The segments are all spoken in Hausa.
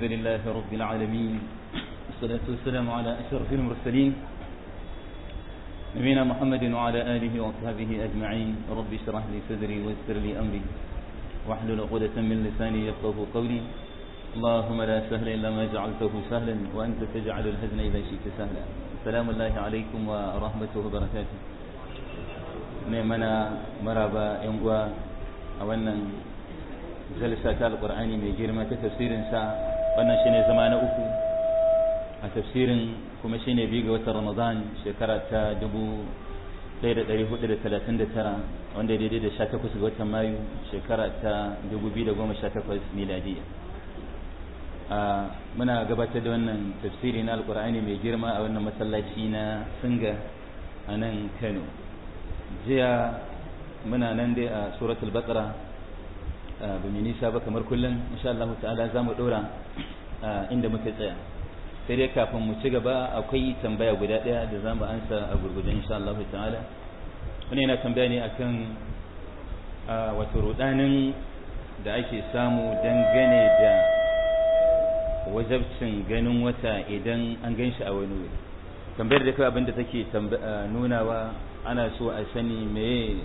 الحمد لله رب العالمين والصلاة والسلام على أشرف المرسلين نبينا محمد وعلى آله وصحبه أجمعين رب اشرح لي صدري ويسر لي أمري واحلل عقدة من لساني يفقه قولي اللهم لا سهل إلا ما جعلته سهلا وأنت تجعل الحزن إذا شئت سهلا سلام الله عليكم ورحمته وبركاته نعمنا مرابا ينقوى أولا جلسة القرآن من جرمة تفسير ساعة wannan shine zama na uku a tafsirin kuma shine biyu ga watan ramadan shekara ta dubu ɗaya da ɗari hudu da talatin da tara wanda daidai da sha takwas ga watan mayu shekara ta dubu biyu da goma sha takwas miladiya muna gabatar da wannan tafsiri na alkur'ani mai girma a wannan masallaci na singa a nan kano jiya muna nan dai a suratul baqara Ah, ba nisa ba kamar kullum insha Allah ta'ala za mu ɗora ah, inda muka tsaya sai dai kafin mu ci gaba akwai tambaya guda ɗaya da za mu ansa a gurguje insha Allah ta'ala wani yana tambaya ne akan ah, wato rudanin da ake samu dangane da wajabcin ganin wata idan an gan shi a wani wuri tambayar da kai abin da take nunawa ana so a sani me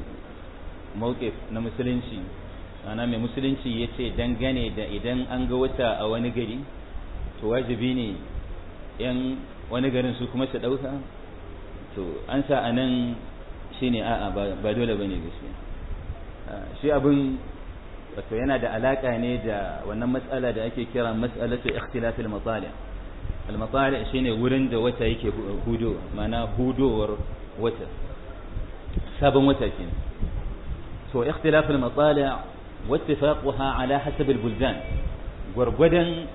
mawqif na musulunci ana mai musulunci ya ce dangane da idan an ga wata a wani gari to wajibi ne yan wani garin su kuma su ɗauka to an sa a nan shi ne a'a ba dole ba ne gaske shi abin wato yana da alaƙa ne da wannan matsala da ake kira matsalatu ikhtilaf al-matali al-matali shine wurin da wata yake hudo mana hudowar wata sabon wata kenan to ikhtilaf al-matali واتفاقها على حسب البلدان gwargwadon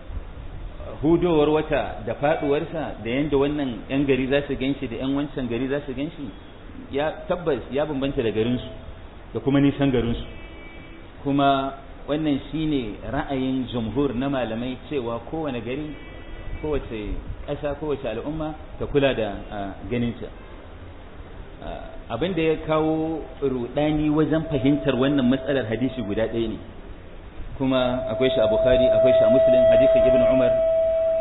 hudowar wata da faduwarsa da yadda wannan 'yan gari za su ganshi da 'yan wancan gari za su ganshi ya tabbas ya bambanta da garinsu da kuma nisan garinsu kuma wannan shine ra'ayin jamhur na malamai cewa kowane gari kowace ƙasa kowace al'umma ta kula da ganinta abin da ya kawo rudani wajen fahimtar wannan matsalar hadisi guda ɗaya ne kuma akwai shi a bukhari akwai shi a muslim hadisin ibn umar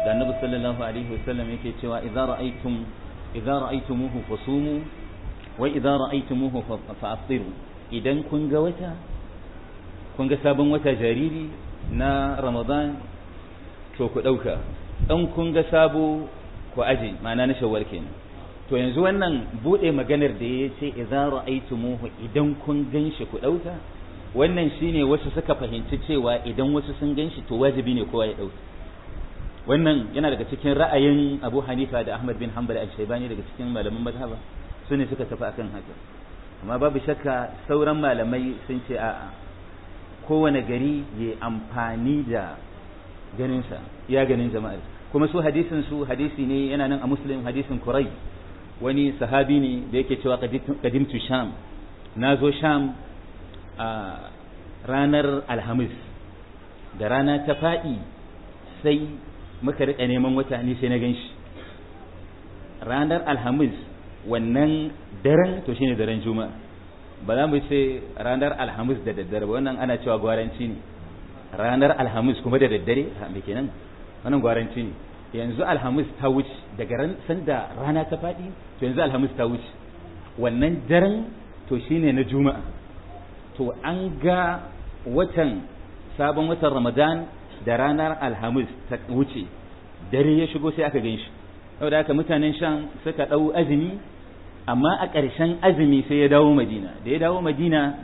da annabi sallallahu alaihi wasallam yake cewa idza ra'aytum idza ra'aytumuhu fasumu wa idza ra'aytumuhu idan kun ga wata kun ga sabon wata jariri na ramadan to ku dauka dan kun ga sabo ku aje ma'ana na shawwal kenan to yanzu wannan bude maganar da ya ce idan ra'aytumuhu idan kun ganshi ku dauka wannan shine wasu suka fahimci cewa idan wasu sun ganshi to wajibi ne kowa ya dauka wannan yana daga cikin ra'ayin Abu Hanifa da Ahmad bin Hanbal al-Shaybani daga cikin malaman mazhaba su suka tafi akan haka amma babu shakka sauran malamai sun ce a'a kowane gari ya amfani da ganinsa ya ganin jama'ar kuma su hadisin su hadisi ne yana nan a muslim hadisin kurai wani sahabi ne da yake cewa kadimtu sham na zo sham a ranar alhamis da rana ta faɗi sai muka rika neman wata ni sai na gan shi ranar alhamis wannan daren to shine daren juma'a ba za mu ce ranar alhamis da daddare ba wannan ana cewa gwaranci ne ranar alhamis kuma da daddare me kenan wannan gwaranci ne yanzu alhamis ta wuce daga ran sanda rana ta faɗi to yanzu alhamis ta wuce wannan daren to shine na juma'a to an ga watan sabon watan ramadan da ranar alhamis ta wuce dare ya shigo sai aka gan shi saboda haka mutanen shan suka ɗau azumi amma a ƙarshen azumi sai ya dawo madina da ya dawo madina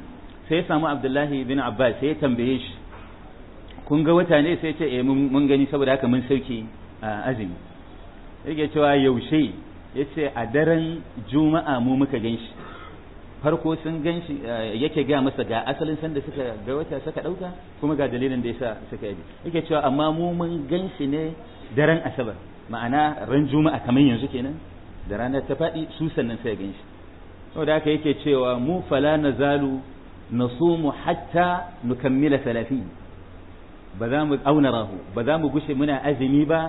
sai ya samu abdullahi bin abbas sai ya tambaye shi kun ga wata ne sai ce eh, mun gani saboda haka mun sauke azumi yake cewa yaushe ya ce a daren juma'a mu muka ganshi farko sun ganshi yake gaya masa ga asalin sanda suka ga wata suka dauka kuma ga dalilin da yasa suka yi yake cewa amma mu mun ganshi ne daren asabar ma'ana ran juma'a kamar yanzu kenan da ranar ta faɗi su sannan sai ganshi saboda haka yake cewa mu fala nazalu mu hatta nukammila salafi ba za mu auna rahu ba za mu gushe muna azumi ba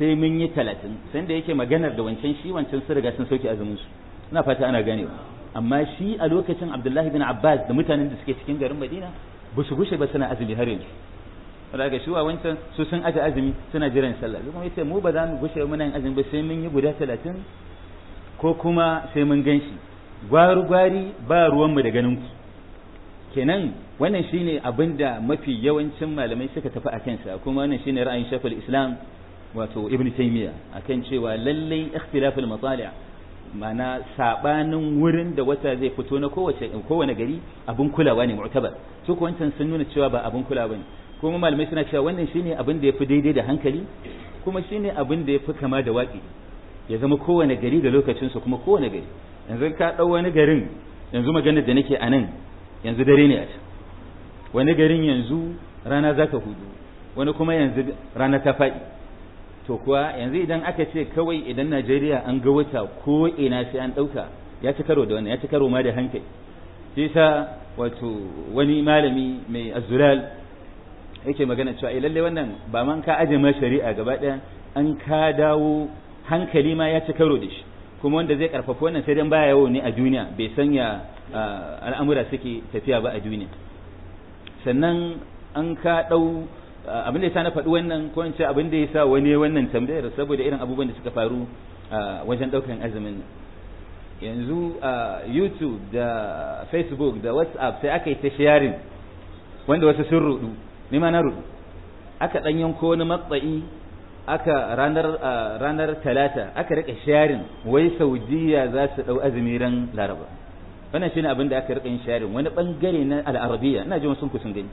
sai mun yi talatin sanda da yake maganar da wancan shi wancan sun riga sun sauke azumin su ina fata ana gane amma shi a lokacin abdullahi bin abbas da mutanen da suke cikin garin madina ba su gushe ba suna azumi har yanzu daga shi wa wancan su sun aje azumi suna jiran sallah kuma yace mu ba za mu gushe muna yin azumi ba sai mun yi guda talatin ko kuma sai mun ganshi gwari gwari ba ruwan mu da ganin ku kenan wannan shine abinda mafi yawancin malamai suka tafi a kansa kuma wannan shine ra'ayin shafal islam wato ibn taymiya akan cewa lallai ikhtilafil matali mana sabanin wurin da wata zai fito na kowace kowane gari abun kulawa ne mu'tabar to ko wancan sun nuna cewa ba abun kulawa bane kuma malamai suna cewa wannan shine abin da yafi daidai da hankali kuma shine abin da yafi kama da waki ya zama kowane gari da lokacin su kuma kowane gari yanzu ka dau wani garin yanzu maganar da nake anan yanzu dare ne a can wani garin yanzu rana za ta hudu wani kuma yanzu rana ta faɗi to kuwa yanzu idan aka ce kawai idan Najeriya an ga wata ko ina sai an ɗauka ya ci karo da wannan ya ci karo ma da hankali shi sa wato wani malami mai azural yake magana cewa eh lalle wannan ba man ka aje ma shari'a gaba ɗaya an ka dawo hankali ma ya ci karo da shi kuma wanda zai karfafa wannan sai dan baya yawo ne a duniya bai sanya al'amura suke tafiya ba a duniya sannan an ka ɗau Uh, abin da sa na faɗi wannan ko in ce abin da ya sa wani wannan tambayar saboda irin abubuwan da suka faru uh, wajen ɗaukan azumin yanzu a uh, YouTube da Facebook da WhatsApp sai aka yi ta sharing wanda wasu sun rudu ni ma na rudu aka ɗanyen yanko wani matsayi aka ranar ranar talata aka rika sharing wai Saudiya za su ɗau azumi ran Laraba wannan shine abin da aka rika yin sharing wani bangare na al'arabiya ina ji sun kusun sun gani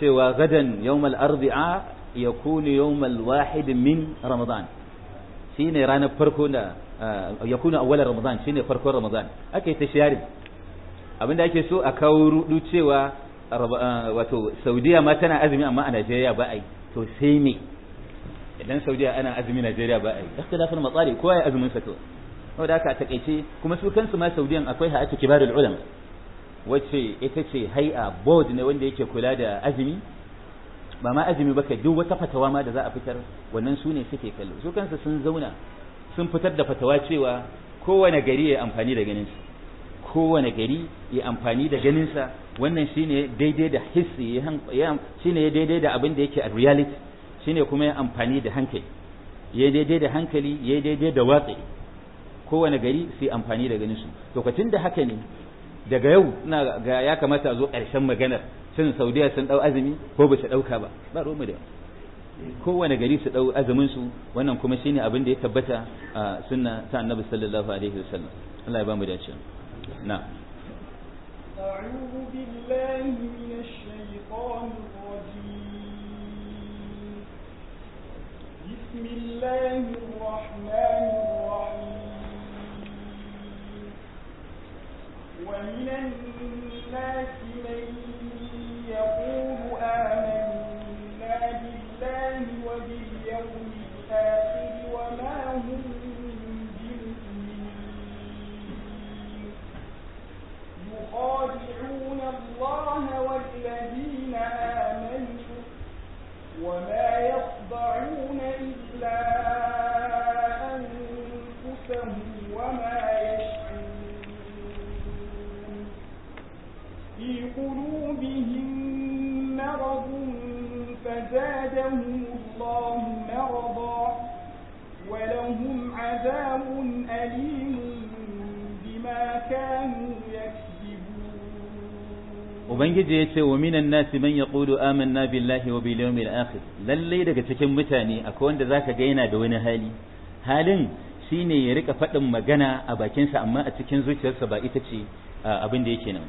سوى غدا يوم الأربعاء يكون يوم الواحد من رمضان شيني رانا فركونا آه، يكون أول رمضان شيني فركو رمضان أكي تشياري أبدا أكي سوء أكاورو لوتشي و آه، واتو سعودية ما تنا أزمي أما أنا جيريا بأي تو سيمي إذن سعودية أنا أزمي نجيريا بأي اختلاف المطاري كواي أزمي فتو وذاك أتكيشي كما سوكان سما سعودية أكويها أتو كبار العلم wacce ita ce hai'a board ne wanda yake kula da azumi ba ma azumi ba kai duk wata fatawa ma da za a fitar wannan su ne suke kallo su kansu sun zauna sun fitar da fatawa cewa kowane gari ya amfani da ganinsa kowane gari ya amfani da ganinsa wannan shine daidai da hissi shine daidai da abin da yake a reality shine kuma ya amfani da hankali ya daidai da hankali ya daidai da watsi kowane gari sai amfani da ganinsu lokacin da haka ne daga yau ina ga ya kamata a zo ƙarshen maganar shin saudiya sun ɗau azumi ko ba su ɗauka ba ba romu da kowane gari su ɗau azumin su wannan kuma shine abin da ya tabbata a sunna ta annabi sallallahu alaihi wasallam Allah ya ba mu dace na بسم الله الرحمن ومن الناس ubangiji ya ce wa minan nasi man yaqulu amanna billahi wa bil yawmil akhir lalle daga cikin mutane akwai wanda zaka ga yana da wani hali halin shine ya rika faɗin magana a bakinsa amma a cikin zuciyarsa ba ita ce abin da yake nan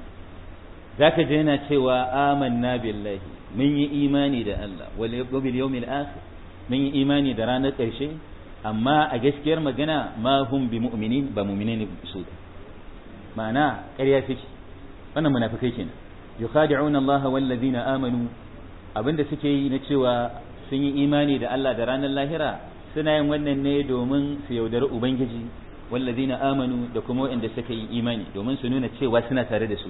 zaka je yana cewa amanna billahi mun yi imani da Allah wa wal yawmil akhir mun yi imani da ranar ƙarshe amma a gaskiyar magana ma hum bi mu'minin ba mu'minin su ma'ana ƙarya fiki wannan munafikai kenan yukhadi'una Allah wal ladzina amanu abinda suke yi na cewa sun yi imani da Allah da ranar lahira suna yin wannan ne domin su yaudari ubangiji wal ladzina amanu da kuma waɗanda suka yi imani domin su nuna cewa suna tare da su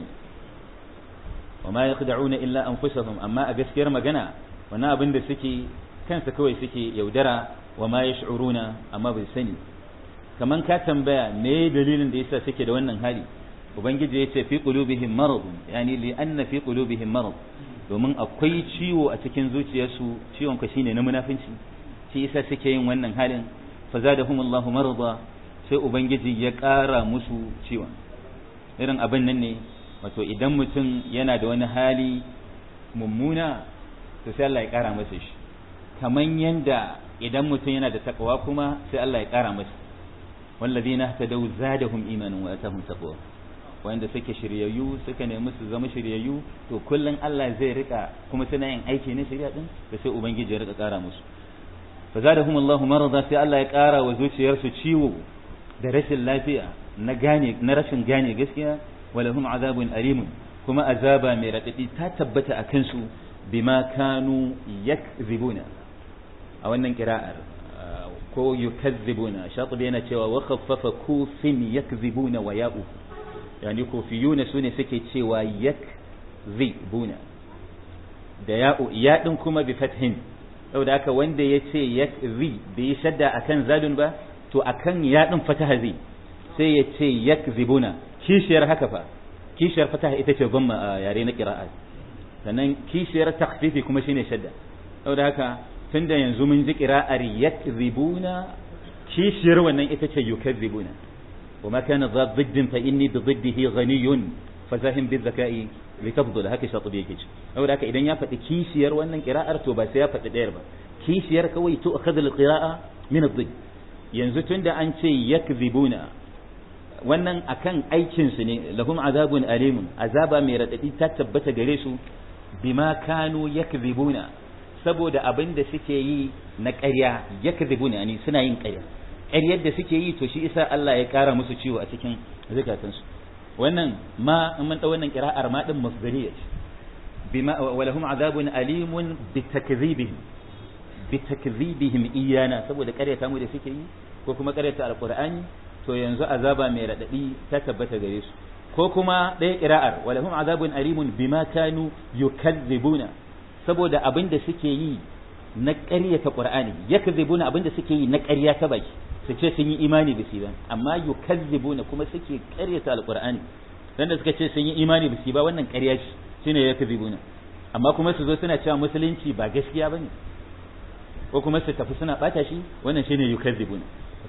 wa ma yakhda'una illa anfusahum amma a gaskiyar magana wannan abinda suke kansa kawai suke yaudara wa ma yash'uruna amma bai sani kaman ka tambaya me dalilin da yasa suke da wannan hali ubangiji yace fi qulubihim marad yani li anna fi qulubihim marad domin akwai ciwo a cikin zuciyarsu ciwon ka shine na munafinci shi yasa suke yin wannan halin fazadahumullahu marada sai ubangiji ya ƙara musu ciwon irin abin nan ne wato idan mutum yana da wani hali mummuna to sai Allah ya ƙara masa shi kaman yanda idan mutum yana da takawa kuma sai Allah ya ƙara masa wallazina tadaw zadahum imanan wa atahum taqwa wanda suke shiryayyu suka nemi su zama shiryayyu to kullun Allah zai rika kuma suna yin aiki na shirya din da sai ubangiji ya rika kara musu fa zadahum Allahu marada sai Allah ya kara wa zuciyarsu ciwo da rashin lafiya na gane na rashin gane gaskiya walahum azabun alim kuma azaba mai radadi ta tabbata akan su bima kanu yakzibuna a wannan kira'ar ko yukazzibuna shatibi yana cewa wa khaffafa kusin yakzibuna wa ya'u yani kofiyuna su ne suke cewa yak buna da ya'u ya din kuma bi fathin saboda haka wanda ya ce da bai shadda akan zadun ba to akan ya din fataha zai sai ya ce buna kishiyar haka fa kishiyar fataha ita ce zamma yare na qira'a sannan kishiyar takhfifi kuma shine shadda saboda haka tunda yanzu mun ji qira'ar buna kishiyar wannan ita ce yukazzibuna وما كان ذا ضد فإني بضده غني idan بالذكاء لتفضل هكا شاطبي يكيج أو لك إذن يافت كيشير وأن قراءة توبا سيافت ديربا كيشير كوي تؤخذ القراءة من الضد ينزو تند أن يكذبون wannan akan aikinsu ne lahum azabun alimun azaba mai raɗaɗi ta tabbata gare su bima kanu yakzibuna saboda abin da suke yi na ƙarya yakzibuna ne suna yin ƙarya yar yadda suke yi to shi isa Allah ya kara musu ciwo a cikin zukatansu wannan ma in mun dau wannan qira'ar ma din masdariyya bima lahum azabun alimun bi bitakdhibihim iyana saboda karyata mu da suke yi ko kuma karyata alqur'ani to yanzu azaba mai radadi ta tabbata gare su ko kuma ɗaya wa lahum azabun alimun bima kanu yukadhibuna saboda abin da suke yi na ƙaryata qur'ani yakdhibuna abin da suke yi na ƙarya ta baki su ce sun yi imani ba ba amma na kuma suke karyata alqur'ani dan da suka ce sun yi imani ba shi ba wannan karya shi shine na amma kuma su zo suna cewa musulunci ba gaskiya bane ko kuma su tafi suna bata shi wannan shine na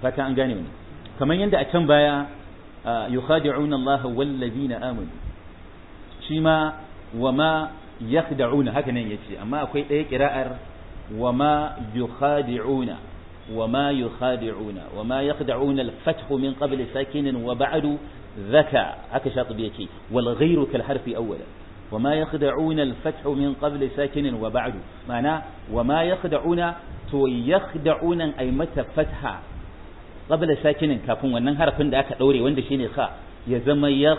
fata an gane wannan kamar yadda a can baya yukhadi'una Allah wal ladina amanu shi ma wa yakhda'una haka nan yace amma akwai ɗaya kira'ar wama ma yukhadi'una وما يخادعون وما يخدعون الفتح من قبل ساكن وبعد ذكى والغير كالحرف أولا وما يخدعون الفتح من قبل ساكن وبعد معنى وما يخدعون تو يخدعون أي متى فتحا قبل ساكن كافون وأنه هرف داك دوري وانده شيني خا يزم يخ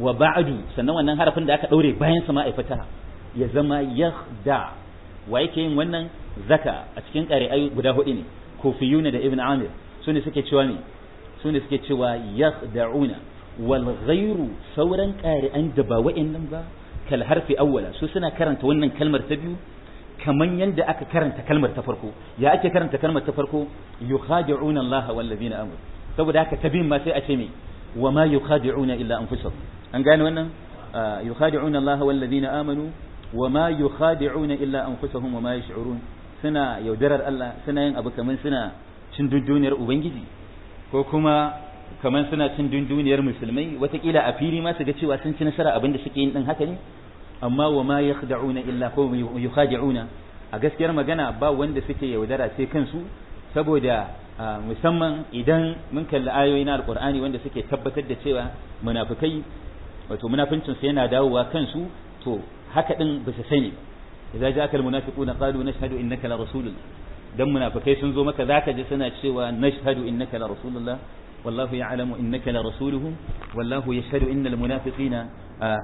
وبعد سنو أنه هرف داك دوري باين سماء فتحا يزم يخدع ويكين وأنه zaka a cikin ƙari'ai guda hudu ne kufiyuna da ibn amir su ne suke cewa ne su ne suke cewa yasda'una wal ghairu sauran ƙari'an da ba wa'annan ba kal harfi awwala su suna karanta wannan kalmar ta biyu kaman yanda aka karanta kalmar ta farko ya ake karanta kalmar ta farko yukhadi'una Allah wal ladina amanu saboda haka ta biyun ma sai a ce me wa ma yukhadi'una illa anfusahum an gane wannan ah, yukhadi'una Allah wal ladina amanu wa ma yukhadi'una illa anfusahum wa ma yash'urun suna yaudarar Allah suna yin abu kamar suna cin dunduniyar ubangiji ko kuma kamar suna cin dunduniyar musulmai watakila a fili ma su ga cewa sun ci nasara abin da suke yin din haka ne amma wa ma yakhda'una illa ko yukhadi'una a gaskiyar magana ba wanda suke yaudara sai kansu saboda musamman idan mun kalli ayoyi na alqur'ani wanda suke tabbatar da cewa munafikai wato munafincin su yana dawowa kansu to haka din ba sani ba idza ja'aka almunafiquna qalu nashhadu innaka larasulullah dan munafikai sun zo maka zaka ji suna cewa nashhadu innaka larasulullah wallahu ya'lamu innaka larasuluhu wallahu yashhadu innal munafiqina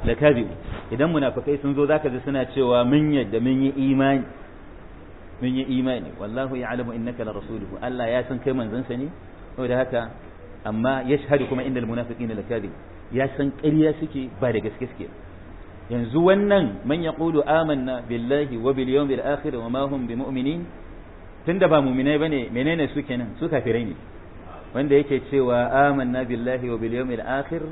lakadhib idan munafikai sun zo zaka ji suna cewa mun yadda mun yi imani mun yi imani wallahu ya'lamu innaka larasuluhu Allah ya san kai manzansa ne da haka amma yashhadu kuma innal munafiqina lakadhib ya san ƙarya suke ba da gaske suke yanzu wannan man yaqulu amanna billahi wa bil akhir wa ma hum bimu'minin tunda ba mu'minai bane menene su kenan su kafirai ne wanda yake cewa amanna billahi wa bil akhir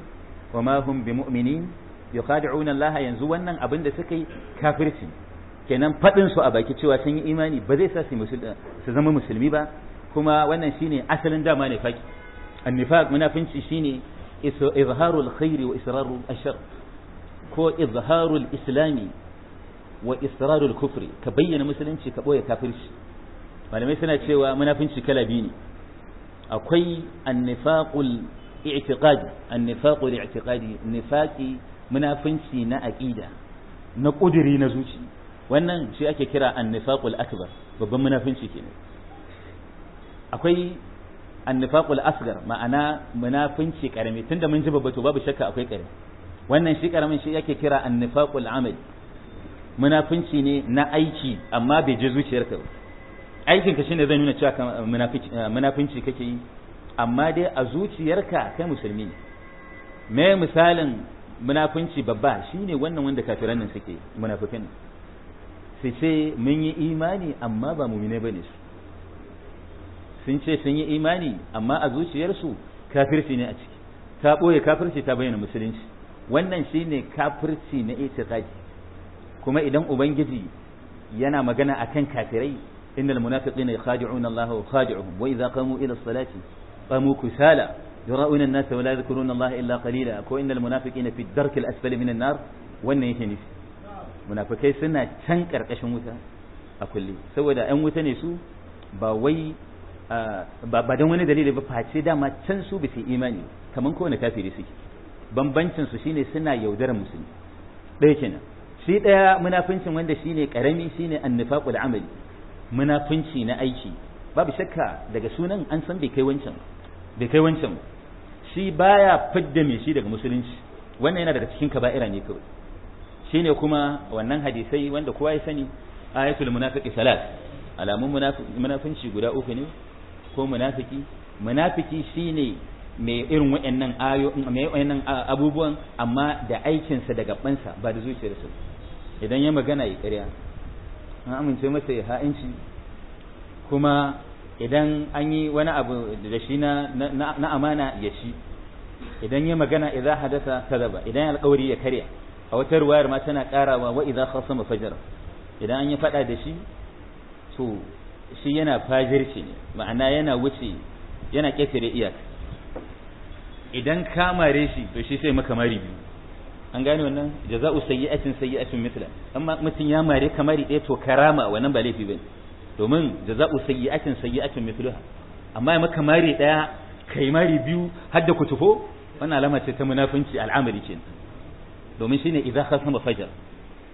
wa ma hum bimu'minin yukhadi'una yanzu wannan abin da suka yi kafirci kenan faɗin su a baki cewa sun yi imani ba zai sa su zama musulmi ba kuma wannan shine asalin dama ne faki annifaq munafinci shine izharul khairi wa israrul ashar ko izharul islami wa israrul kufri ka bayyana musulunci ka boye kafirci malamai suna cewa munafinci kala biyu ne akwai annifaqul i'tiqadi annifaqul i'tiqadi nifaqi munafinci na aqida na kudiri na zuci wannan shi ake kira annifaqul akbar babban munafinci kenan akwai annifaqul asgar ma'ana munafinci karami tunda mun ji babba to babu shakka akwai karami wannan shi karamin shi yake kira annifaqul amal munafinci ne na aiki amma bai je zuciyarka ba aikin ka shine zai nuna cewa eh, munafinci eh, kake yi amma dai a zuciyarka kai musulmi ne me misalin munafinci babba shine wannan wanda kafiran nan suke munafikin su ce mun yi imani amma ba mumine bane su sun ce sun yi imani amma a zuciyarsu kafirci ne a ciki ta ɓoye kafirci ta bayyana musulunci wannan shine kafirci na itiqadi kuma idan ubangiji yana magana a kan kafirai innal ya yakhadi'una Allah wa khadi'uhum wa idza qamu ila as-salati qamu kusala yura'una an-nasa wa la yadhkuruna Allah illa qalila ko innal munafiqina fi ad-dark al-asfali min an-nar wannan yake nufi munafikai suna can karkashin wuta a kulli saboda ɗan wuta ne su ba wai ba don wani dalili ba face dama can su bisa imani kamar kowane kafiri suke bambancin su shine suna yaudarar musulmi ɗaya kenan shi ɗaya munafincin wanda shine karami shine annifaqul amali munafinci na aiki babu shakka daga sunan an san bai kai wancan bai kai wancan shi baya fidda me shi daga musulunci wannan yana daga cikin kaba'ira ne kawai shine kuma wannan hadisai wanda kowa ya sani ayatul munafiqi salat alamun munafinci guda uku ne ko munafiki munafiki shine me irin wa'annan ayo me wa'annan abubuwan amma da aikinsa da gabansa ba da zuciyarsa idan ya magana ya ƙarya an amince masa ya ha'inci kuma idan an yi wani abu da shi na amana ya shi idan ya magana idza hadasa kadaba idan alƙawari ya karya a wata ruwayar ma tana karawa wa idza khasama fajara idan an yi fada da shi to shi yana fajirci ne ma'ana yana wuce yana ƙetare iyaka idan ka mare shi to shi sai maka mari biyu an gane wannan jaza'u sayyi'atin sayyi'atin mithla amma mutum ya mare ka mari ɗaya to karama wannan ba laifi bane domin jaza'u sayyi'atin sayyi'atin mithluha amma ya maka mari ɗaya kai mari biyu har da kutufo wannan alama ce ta munafunci al'amari ce domin shine idza khasama fajar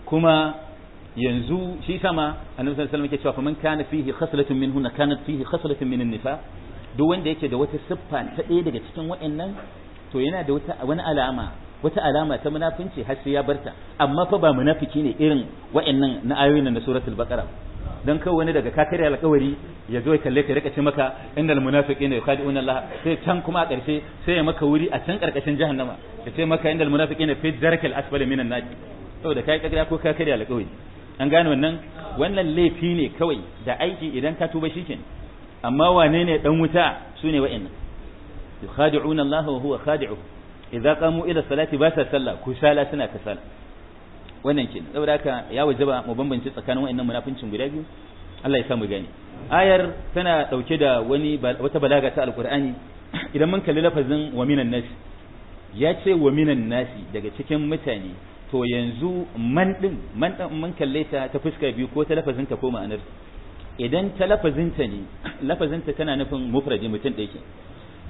kuma yanzu shi sama annabi sallallahu alaihi wasallam yake cewa man kana fihi khaslatun minhu kanat fihi khaslatun min an-nifaq duk wanda yake da wata siffa ta ɗaya daga cikin waɗannan to yana da wata wani alama wata alama ta munafinci har sai ya barta amma fa ba munafiki ne irin waɗannan na ayoyin na suratul baqara dan kai wani daga kakari alƙawari ya zo ya kalle ka rika ce maka innal munafiqina yukhadi'una Allah sai can kuma a ƙarshe sai ya maka wuri a can ƙarƙashin jahannama ya ce maka innal munafiqina fi darakil asfali minan nar saboda kai kakari ko kakari alƙawari an gane wannan wannan laifi ne kawai da aiki idan ka tuba shikin amma wane ne dan wuta su ne wa'annan yukhadi'una Allah wa huwa khadi'uhu idza qamu ila salati ba sa ku sala suna sala wannan kenan saboda haka ya wajaba mu bambance tsakanin wa'annan munafincin guda biyu Allah ya sa mu gani ayar tana dauke da wani wata balaga ta alqur'ani idan mun kalli lafazin wa minan nas ya ce wa minan nasi daga cikin mutane to yanzu man din man din mun kalle ta ta fuska biyu ko ta lafazin ta ko ma'anar idan ta lafazinta ne lafazinta tana nufin mufradi mutum ɗaya ke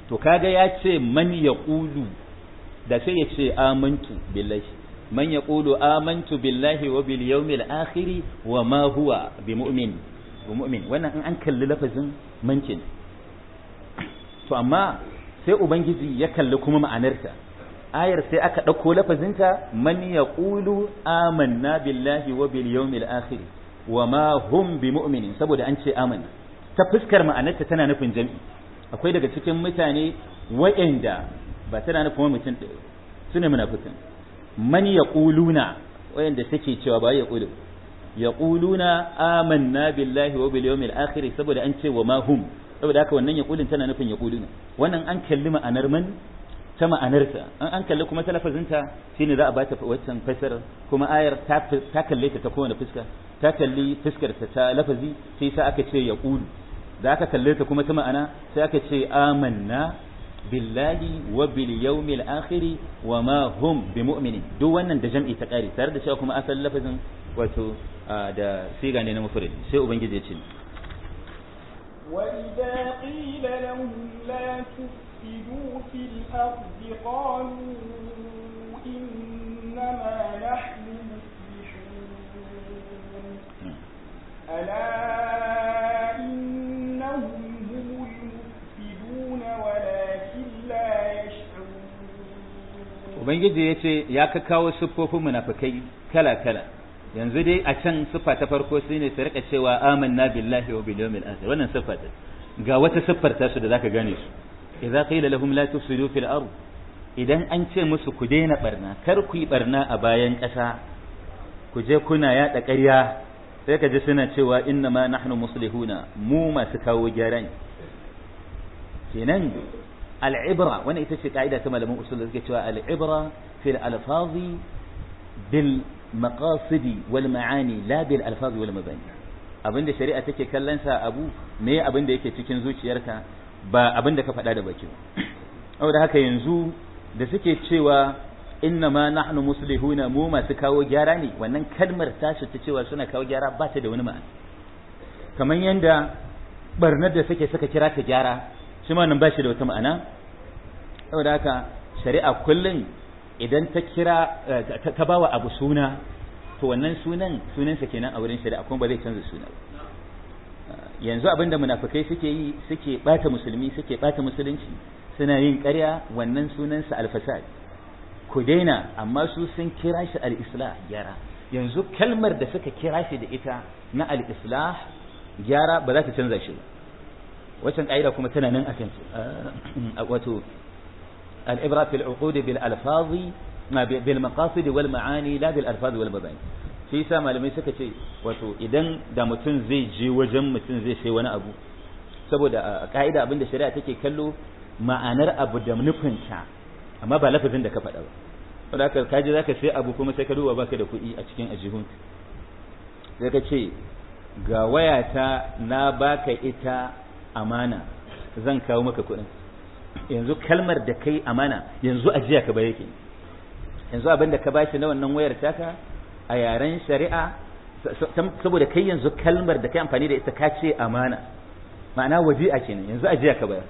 to kaga ya ce man ya ƙulu da sai ya ce amantu billahi man ya ƙulu amantu billahi wa bil yawmil akhiri wa ma huwa bi mu'min bi mu'min wannan in an kalli lafazin mancin to amma sai ubangiji ya kalli kuma ma'anarta ayar sai aka ɗauko lafazinta man ya ƙulu amanna billahi wa bil yawmil akhiri wa ma hum bi mu'minin saboda an ce amana ta fuskar ma'anarta tana nufin jami'i akwai daga cikin mutane wa'anda ba tana nufin mutum sune munafikan man yaquluna wa'anda suke cewa ba yaqulu yaquluna amanna billahi wa bil yawmil akhir saboda an ce wa ma hum saboda haka wannan yaqulin tana nufin yaquluna wannan an kalli ma'anar man ta ma'anarta an an kalli kuma talafazinta shine za a bata waccan fasar kuma ayar ta kalle ta ta kowane fuska ta kalli fiskar ta ta lafazi sai sai aka ce yaqulu da aka kalle ta kuma ta ma'ana sai aka ce amanna billahi wa bil yawmil akhir wa ma hum bimu'minin duk wannan da jami'i ta kare tare da cewa kuma asal lafazin wato da siga ne na mufrid sai ubangiji ya ce وإذا قيل لهم لا تفسدوا في الأرض قالوا إنما نحن ألا Ubangiji ya ce ya ka kawo siffofin munafukai kala-kala yanzu dai a can siffa ta farko sai ne su rika cewa amanna billahi wa bil yawmil akhir wannan siffa ta ga wata siffar ta su da zaka gane su idza qila lahum la su fil ard idan an ce musu ku daina barna kar ku yi barna a bayan ƙasa ku je kuna yaɗa ƙarya sai ka ji suna cewa inna ma nahnu muslihuna mu masu kawo gyaran ne kenan al'ibra wani ita ce ka'ida ta malaman usul da suke cewa al'ibra fil alfazi bil maqasidi wal ma'ani la bil alfazi wal mabani abinda shari'a take kallon sa abu me abinda yake cikin zuciyarka ba abinda ka faɗa da baki ba saboda haka yanzu da suke cewa inna ma nahnu muslihuna mu masu kawo gyara ne wannan kalmar tashi ta cewa suna kawo gyara ba ta da wani ma'ana kamar yadda barnar da suke suka kira ta gyara shi ma nan ba shi da wata ma'ana saboda haka shari'a kullum idan ta kira eh, ta bawa abu suna to wannan sunan sunansa kenan a wurin shari'a kuma ba zai canza suna eh, yanzu abin da munafikai suke yi suke bata musulmi suke bata musulunci suna yin karya wannan sunansa alfasad ku daina amma su sun kira shi al-islah gyara yanzu kalmar da suka kira shi da ita na al-islah gyara ba za ta canza shi ba wacan ƙa'ida kuma tana nan akan wato al-ibra fil uqud bil alfazi bil maqasid wal ma'ani la bil alfaz wal mabani shi yasa malamai suka ce wato idan da mutum zai je wajen mutum zai sai wani abu saboda ka'ida abin da shari'a take kallo ma'anar abu da nufinta amma ba lafafin da ka faɗa ba wanda aka kaji zaka sai abu kuma sai ka duba baka da kuɗi a cikin ajihun sai ka ce ga wayata na baka ita amana zan kawo maka kuɗin yanzu kalmar da kai amana yanzu ajiya ka ba yake yanzu abin da ka bashi na wannan wayar taka a yaren shari'a saboda kai yanzu kalmar da kai amfani da ita ka ce amana ma'ana waji'a kenan yanzu ajiya ka bayar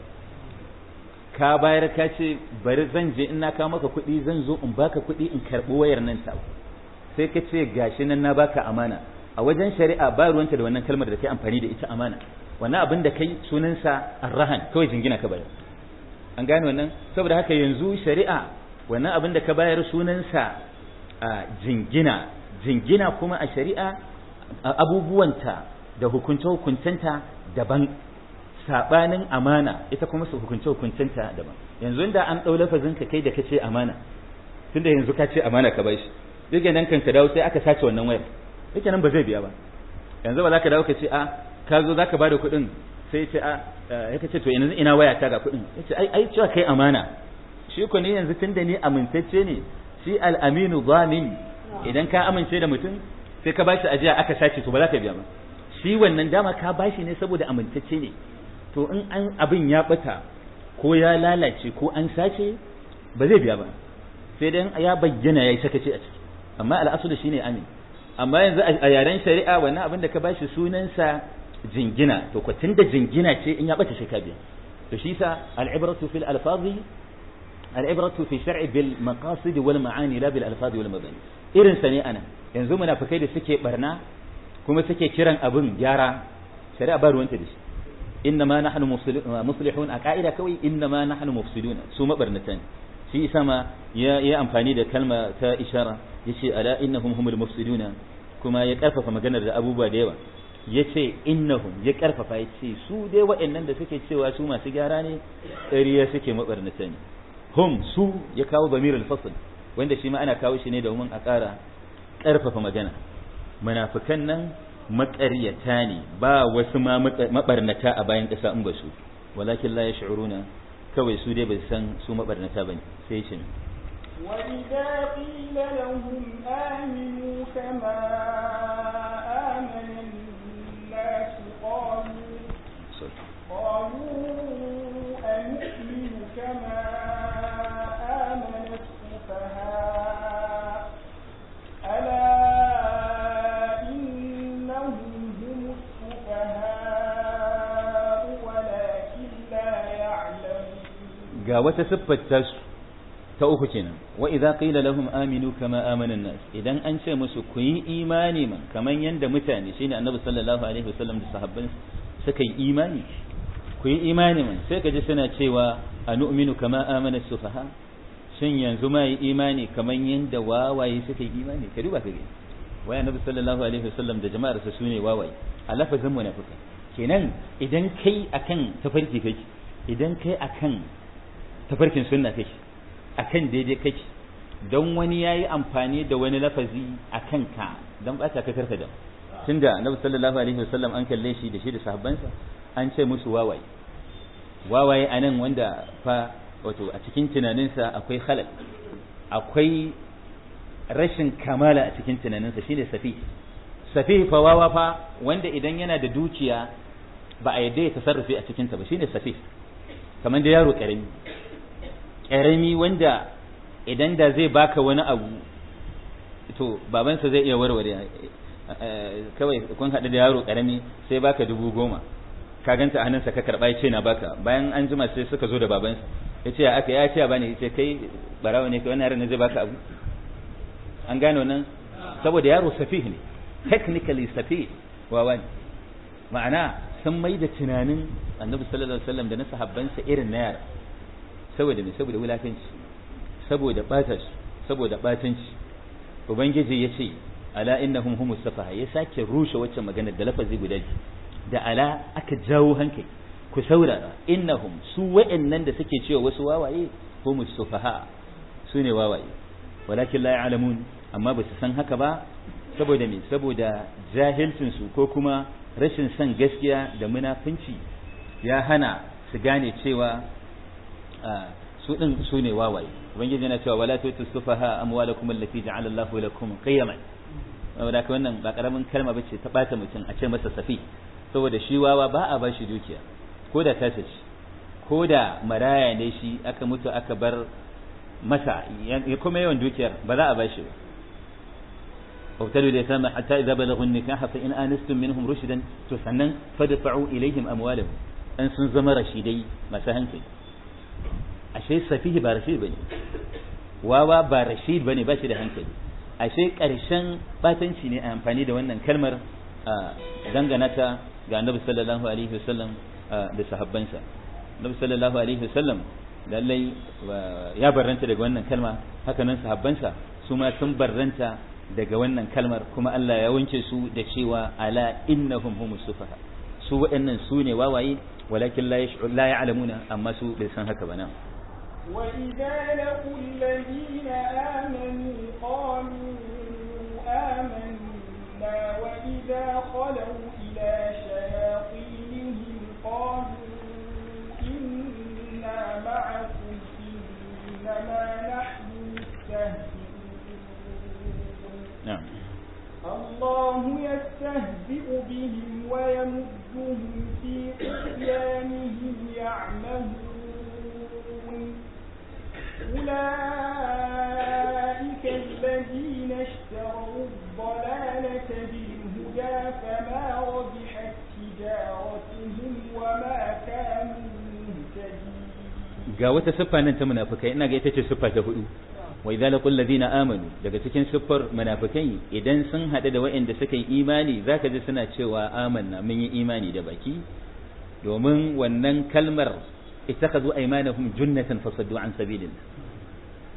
ka bayar ka ce bari zan je ina na kawo maka kuɗi zan zo in baka kuɗi in karɓi wayar nan ta sai ka ce gashi nan na baka amana a wajen shari'a ba ruwanta da wannan kalmar da kai amfani da ita amana wannan abin da kai sunansa arrahan kawai jingina ka bayar an gane wannan saboda haka yanzu shari'a wannan abin da ka bayar sunansa a jingina jingina kuma a shari'a abubuwanta da hukunce hukuncenta daban sabanin amana ita kuma su hukunce ta daban yanzu da an dau lafazin ka kai da kace amana tunda yanzu ka ce amana ka bai shi yake nan kan ka dawo sai aka sace wannan wayar yake nan ba zai biya ba yanzu ba za ka dawo ka ce a ka zo za ka bada kuɗin sai ce a ya ka ce to yanzu ina waya ta ga kuɗin ya ce ai ai cewa kai amana shi ko ne yanzu tunda ni amintacce ne shi al'aminu zamin idan ka amince da mutum sai ka bashi ajiya aka sace to ba za ka biya ba shi wannan dama ka bashi ne saboda amintacce ne to in an abin ya bata ko ya lalace ko an sace ba zai biya ba sai dai ya bayyana yayi sakaci a ciki amma al'asul shine amin amma yanzu a yaren shari'a wannan abin da ka bashi sunansa jingina to ko tunda jingina ce in ya bata shi ka biya to shi sa al'ibratu fil alfazi al'ibratu fi shar'i bil maqasid wal ma'ani la bil alfazi wal mabani irin sa ne ana yanzu munafikai da suke barna kuma suke kiran abin gyara shari'a ba ruwanta da shi inna ma nahnu muslihun a ka'ida kawai inna ma nahnu mufsidun su mabarnata ne shi isa ma ya yi amfani da kalma ta ishara yace ala innahum humul mufsidun kuma ya karfafa maganar da abubuwa da yawa yace innahum ya karfafa yace su dai waɗannan da suke cewa su masu gyara ne ƙarya suke mabarnata ne hum su ya kawo zamirul fasl wanda shi ma ana kawo shi ne domin a ƙara karfafa magana munafikan nan maƙaryata ne ba wasu ma maɓarnata a bayan ƙasa in ba su walakin la yash'uruna kawai su dai ba san su maɓarnata ne, sai shi وإذا da aminu kama ga wata siffar su ta uku kenan wa idza qila lahum aminu kama amana nas idan an ce musu ku yi imani man kaman yanda mutane shine annabi sallallahu alaihi wasallam da sahabban suka yi imani ku yi imani man sai kaji suna cewa anu'minu kama amana sufaha shin yanzu ma yi imani kaman yanda wawaye suka yi imani ka duba ka gani wai annabi sallallahu alaihi wasallam da jama'ar sa sune wawaye a lafazin munafika kenan idan kai akan tafarki kake idan kai akan tafarkin sunna kake akan daidai kake don wani yayi amfani da wani lafazi akan ka don ba ka karka da tunda annabi sallallahu alaihi wasallam an kalle shi da shi da sahabbansa an ce musu wawaye wawaye anan wanda fa wato a cikin tunaninsa akwai khalal akwai rashin kamala a cikin tunaninsa shine safi safi fa wawa fa wanda idan yana da dukiya ba a yadda ya tasarrufi a cikin ta ba shine safi kamar da yaro karami ƙarami wanda idan da zai baka wani abu to babansa zai iya warware eh, kawai kun haɗu da yaro ƙarami sai baka dubu goma ka ganta a hannunsa ka karɓa ya ce na baka bayan an jima sai suka zo da babansa ya ce aka ya ce ba ne ce kai barawa ne kai wani yaron ne zai baka abu an gano nan saboda yaro safih ne technically safih wawa ne ma'ana sun mai da tunanin annabi sallallahu alaihi wasallam da na sahabbansa irin na yara saboda me saboda wulafinci saboda batas saboda batanci ubangiji ya ce ala innahum humus safaha ya sake rushe wacce magana da lafazi guda da ala aka jawo hankali ku saurara innahum su wa'annan da suke cewa wasu wawaye humus safaha su ne wawaye walakin la ya'lamun amma ba su san haka ba saboda me saboda jahilcin su ko kuma rashin san gaskiya da munafunci ya hana su gane cewa su din su ne wawaye ubangiji yana cewa wala tutu tusufaha amwalakum allati ja'ala Allahu lakum qiyaman wanda ka wannan ba karamin kalma bace ta bata mutum a ce masa safi saboda shi wawa ba a bashi dukiya ko da ta shi ko da maraya ne shi aka mutu aka bar masa ya kuma yawan dukiyar ba za a bashi ba وابتلوا اليتامى حتى إذا بلغوا النكاح فإن آنستم منهم رشدا فسنن فادفعوا إليهم أموالهم أن سنزم رشيدي ما hankali. ashe safihi ba rashid bane wawa ba rashid bane ba shi da hankali ashe karshen batanci ne a amfani da wannan kalmar dangana ta ga annabi sallallahu alaihi wasallam da sahabbansa annabi sallallahu alaihi wasallam lallai ya barranta daga wannan kalma haka nan sahabbansa su ma sun barranta daga wannan kalmar kuma Allah ya wanke su da cewa ala innahum humus sufaha su waɗannan su ne wawaye walakin la la ya'lamuna amma su bai san haka ba nan وإذا لقوا الذين آمنوا قالوا آمنا وإذا خلوا إلى شياطينهم قالوا إنا معكم إنما نحن نعم. مستهزئون نعم الله يستهزئ بهم ويمدهم في طغيانهم يعمهون ga wata siffa nan ta munafikai ina ga ita ce siffa ta hudu wa idza laqul ladina amanu daga cikin siffar munafikai idan sun hada da waɗanda suka yi imani zaka ji suna cewa amanna mun yi imani da baki domin wannan kalmar ittakhadhu aymanahum junnatan fasaddu an sabilillah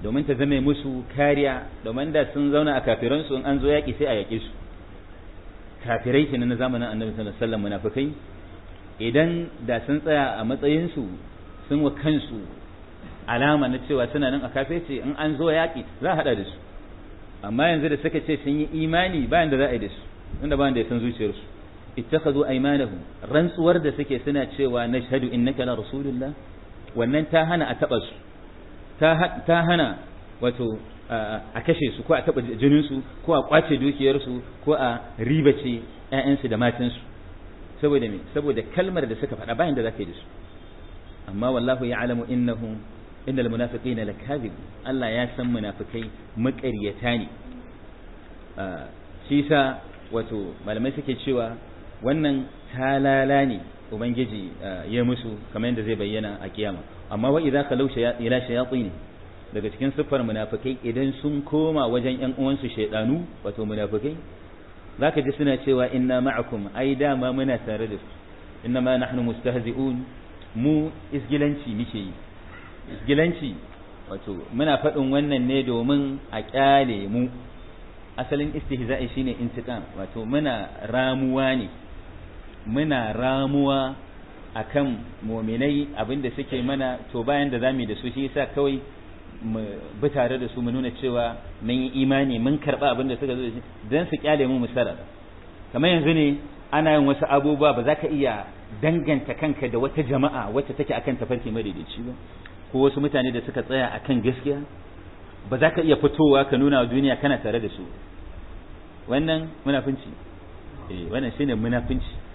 domin ta zame musu kariya domin da sun zauna a kafiran su in an zo yaki sai a yaƙi su kafirai kenan na zamanin annabi sallallahu alaihi wasallam munafikai idan da sun tsaya a matsayin su sun wa kansu alama na cewa suna nan a kafirci in an zo yaki za a hada da su amma yanzu da suka ce sun yi imani bayan da za a yi da su inda bayan da ya san zuciyarsu ittakhadhu aymanahum rantsuwar da suke suna cewa nashhadu innaka la rasulullah wannan ta hana a taba su ta hana wato a kashe su ko a taba jinin ko a kwace dukiyarsu su ko a ribace ƴaƴansu da matansu saboda me saboda kalmar da suka faɗa bayan da zaka yi da su amma wallahu ya'lamu innahum innal munafiqina lakazib Allah ya san munafikai maƙaryata ne shi sa wato malamai suke cewa wannan talala ne ubangiji eh, ya musu kamar yadda zai bayyana a kiyama amma wa idza khalau ila shayatin daga cikin siffar munafikai idan sun koma wajen yan uwansu shaydanu wato munafikai zaka ji suna cewa inna ma'akum ai da ma muna tare da su inna ma nahnu mustahzi'un mu isgilanci muke yi isgilanci wato muna faɗin wannan ne domin a kyale mu asalin istihza'i shine intiqam wato muna ramuwa ne muna ramuwa akan muminai abinda suke mana to bayan da zamu da su shi yasa kawai mu bi tare da su mu nuna cewa mun yi imani mun karba abinda suka zo da shi dan su kyale mu musara kamar yanzu ne ana yin wasu abubuwa ba za ka iya danganta kanka da wata jama'a wacce take akan tafarki madaidaici ba ko wasu mutane da suka tsaya akan gaskiya ba za ka iya fitowa ka nuna wa duniya kana tare da su wannan munafunci eh wannan shine munafunci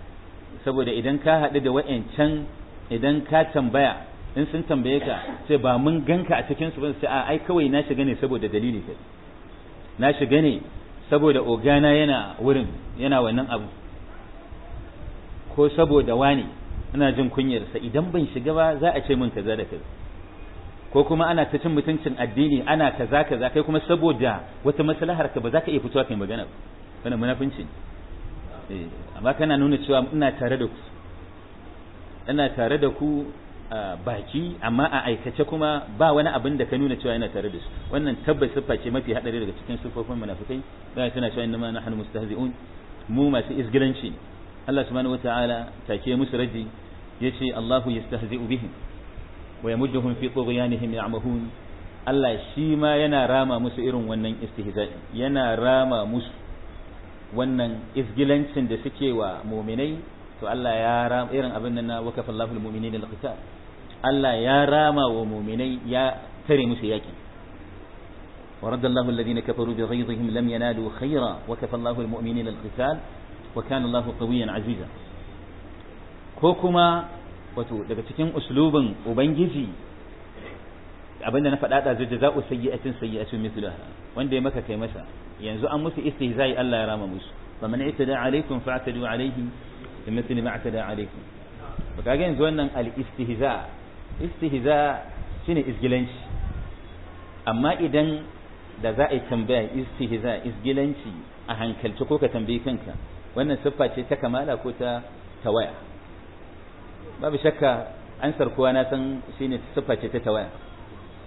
saboda idan ka haɗu da wa'ancan idan ka tambaya in sun tambaye ka sai ba mun ganka a cikin su sai a ai kawai na shiga ne saboda dalili ka na shiga ne saboda ogana yana wurin yana wannan abu ko saboda wani ina jin kunyarsa idan ban shiga ba za a ce min kaza da kaza ko kuma ana ta cin mutuncin addini ana kaza kaza kai kuma saboda wata maslahar ka ba za ka iya fitowa kai magana ba wannan munafunci ne Eh, amma kana nuna cewa ina tare da ku ina tare da ku baki amma a aikace kuma ba wani abin da ka nuna cewa ina tare da su wannan tabbas siffa ce mafi hadari daga cikin siffofin munafikai da tana cewa inna ma nahnu mustahzi'un mu masu izgilanci ne Allah subhanahu wataala take musu raji yace Allahu yastahzi'u bihim wa yamudduhum fi tughyanihim ya'mahun Allah shi ma yana rama musu irin wannan istihza'i yana rama musu wannan izgilancin da suke wa muminai to Allah ya rama irin abin nan na wakafa Allahul mu'minina lil Allah ya rama wa muminai ya tare musu yaki ورد الله الذين كفروا بغيظهم لم ينالوا خيرا وكفى الله المؤمنين القتال وكان الله قويا aziza ko kuma wato daga cikin uslubin ubangiji abinda na faɗaɗa faɗa ɗazu jaza'u sayyi'atin sayyi'atun mithluha wanda ya maka kai masa yanzu an musu istihza'i Allah ya rama musu fa man i'tada alaykum fa'tadu alayhi bi mithli ma i'tada alaykum ba kaga yanzu wannan al istihza istihza shine izgilanci amma idan da za a yi tambaya istihza izgilanci a hankalce ko ka tambayi kanka wannan siffa ce ta kamala ko ta tawaya babu shakka ansar kowa na san shine siffa ce ta tawaya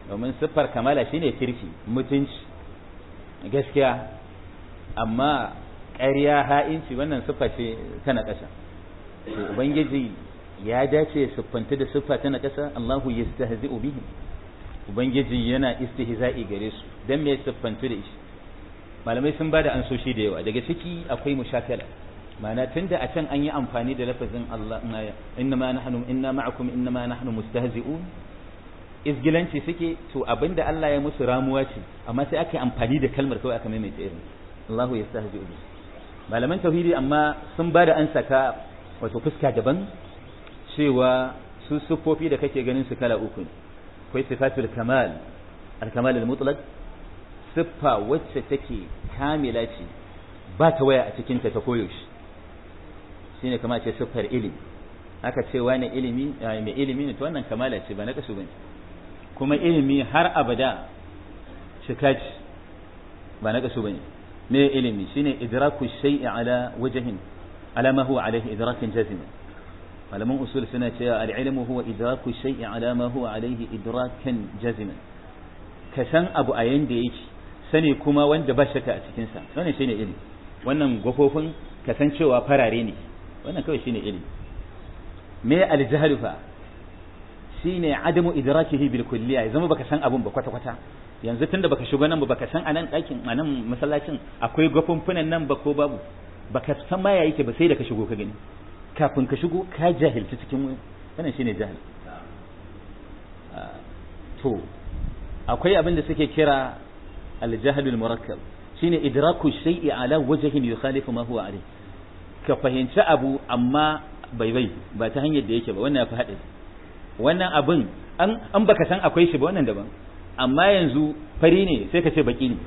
domin siffar kamala shine kirki mutunci gaskiya amma ƙarya ha'inci wannan siffa ce ta naƙasa to ubangiji ya dace siffanta da siffa tana naƙasa Allahu yastahzi'u bihim ubangiji yana istihza'i gare su dan me siffantu da shi malamai sun bada ansoshi da yawa daga ciki akwai mushakala ma'ana tunda a can an yi amfani da lafazin Allah inna ma nahnu inna ma'akum inna ma nahnu mustahzi'un izgilanci suke to abinda Allah ya musu ramuwa ce amma sai aka yi amfani da kalmar kawai aka maimaita irin Allahu yastahzi bi malaman tauhidi amma sun bada an saka wato fuska daban cewa su sufofi da kake ganin su kala uku ne akwai sifatul kamal al-kamal al-mutlaq siffa wacce take kamila ce ba ta waya a cikin ta ta koyaushe shine kamar ce siffar ilimi aka ce wani ilimi eh, mai ilimi ne to wannan kamala ce ba na kasu bane kuma ilimi har abada cika ba na kaso bane me ilimi shine idraku shay'i ala wajhin ala ma huwa alayhi idrakin jazima malaman usul suna cewa al-ilmu huwa idraku shay'i ala ma huwa alayhi idrakan jazima ka san abu a yanda yake sani kuma wanda ba shakka a cikin sa wannan shine ilimi wannan gofofin kasancewa farare ne wannan kawai shine ilimi me al-jahlu fa shine adamu idrakihi bil kulliya ya zama baka san abun ba kwata kwata yanzu tunda baka shigo nan ba baka san anan ɗakin anan masallacin akwai gafunfunan nan ba ko babu baka san ma ya yake ba sai da ka shigo ka gani kafin ka shigo ka jahilci cikin wannan shine jahil to akwai abin da suke kira al-jahlul murakkab shine idraku shay'i ala wajhin yukhalifu ma huwa alayh ka fahimci abu amma bai bai ba ta hanyar da yake ba wannan ya fi hadisi wannan abin an baka san akwai shi ba wannan daban amma yanzu fari ne sai ka ce baki ne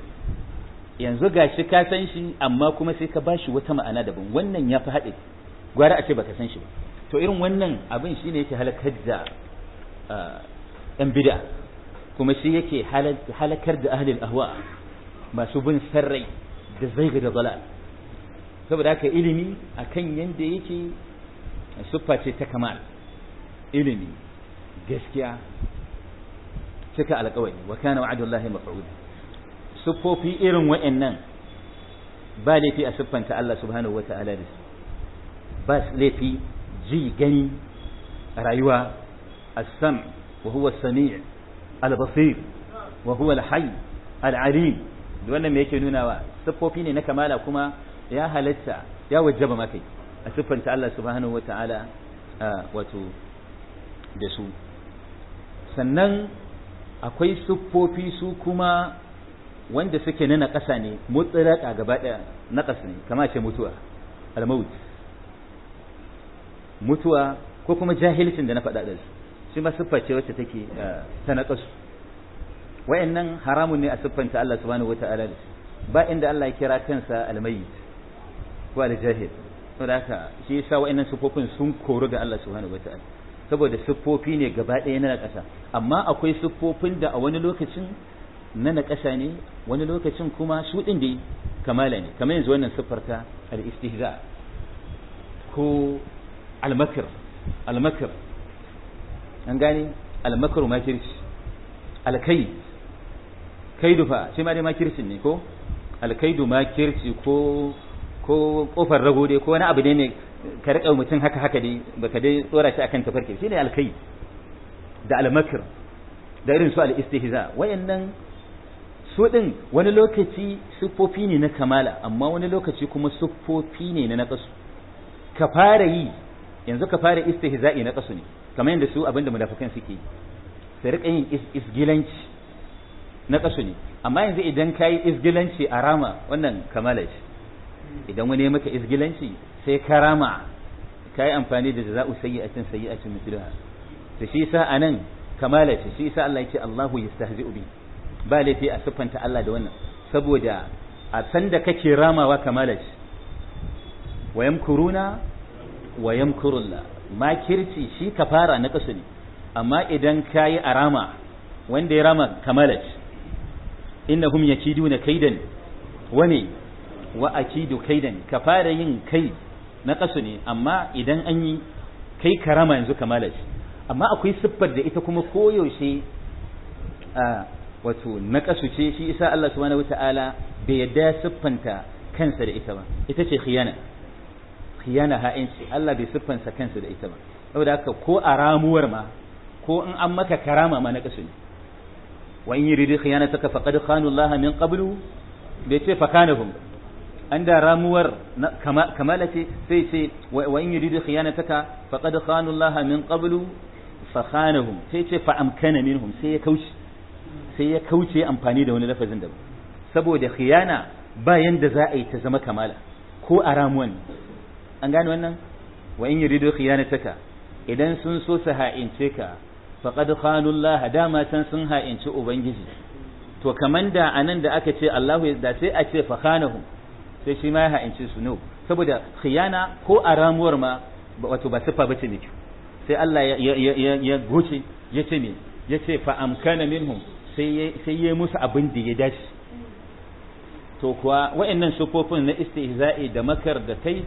yanzu ga shi ka san shi amma kuma sai ka bashi wata ma'ana daban wannan ya fi haɗe gwara a ce baka san shi ba to irin wannan abin shi ne yake halakar da ɗan bid'a kuma shi yake halakar da ahlul ahwa masu bin sarrai da zaiga da zala saboda haka ilimi a kan yadda yake suffa ce ta kamar ilimi gaskiya cika alkawari wa kana wa'adullahi maf'ula siffofi irin wa'annan ba laifi a siffanta Allah subhanahu wata'ala da su ba laifi ji gani rayuwa as-sam wa huwa as-sami' al-basir wa huwa al-hayy al-alim da wannan me yake nunawa wa ne na kamala kuma ya halatta ya wajjaba maka a siffanta Allah subhanahu wata'ala wato da su sannan akwai siffofi su kuma wanda suke na naƙasa ne mutsiraka gaba ɗaya ƙasa ne kama ce mutuwa almaut mutuwa ko kuma jahilcin da na faɗa ɗansu su shi ma siffa ce wacce take eh, ta naƙasu nan haramun ne a siffanta Allah subhanahu wa da ba inda Allah ya kira kansa almayit ko aljahil saboda haka shi yasa nan siffofin sun koru ga Allah subhanahu ta'ala saboda siffofi ne gaba ɗaya na naƙasa amma akwai siffofin da a wani lokacin na naƙasa ne wani lokacin kuma su ɗin da kamala ne kamar yanzu wannan siffar ta al-istihza ko al-makr al-makr an gane al-makr makirci al kai kaidu fa shi ma dai makircin ne ko al-kaidu makirci ko ko kofar rago dai ko wani abu ne ne ka riƙa mutum haka haka dai ka dai tsora shi akan tafarki shine alkai da almakir da irin su al-istihza wayannan su din wani lokaci siffofi ne na kamala amma wani lokaci kuma siffofi ne na naqasu ka fara yi yanzu ka fara istihza'i na kasu ne kamar yadda su abinda mudafakan suke su riƙa yin isgilanci na kasu ne amma yanzu idan kayi isgilanci a rama wannan kamala ce idan wani ya maka izgilanci sai karama ka yi amfani da jaza'u sayyi'atin sayyi'atin mithliha to shi yasa anan kamala shi shi yasa Allah yake Allahu yastahzi'u bi ba laifi a siffanta Allah da wannan saboda a san da kake ramawa kamala shi wa yamkuruna wa yamkurullah makirci shi kafara na kasu ne amma idan kayi arama wanda ya rama kamala shi innahum yakiduna kaidan wani wa akidu kaidan ka fara yin kai na kasu ne amma idan an yi kai karama yanzu kamala ce amma akwai siffar da ita kuma koyaushe a wato na kasu ce shi isa Allah subhanahu wata'ala bai yadda siffanta kansa da ita ba ita ce khiyana khiyana ha'inci Allah bai siffansa kansa da ita ba saboda haka ko a ramuwar ma ko in an maka karama ma na kasu ne wa in yuridu khiyanataka faqad khanu Allah min qablu bai ce fakanahum an da ramuwar kamala ce sai ce wa in yuridu khiyanataka faqad khanu Allah min qablu fa khanahum sai ce fa amkana minhum sai ya kauce sai ya kauce amfani da wani lafazin da saboda khiyana ba yanda za a yi ta zama kamala ko a ramuwan an gane wannan wa in yuridu khiyanataka idan sun so su ha'ince ka faqad khanu Allah dama can sun ha'inci ubangiji to kaman da anan da aka ce Allahu da sai a ce fa khanahum sai shi ma ya ha'inci su no saboda khiyana ko a ramuwar ma wato ba siffa bace ne sai Allah ya goce ya ce me ya ce fa amkana minhum sai ya musu abin da ya dace to kuwa wa'annan sufofin na istihza'i da makar da kai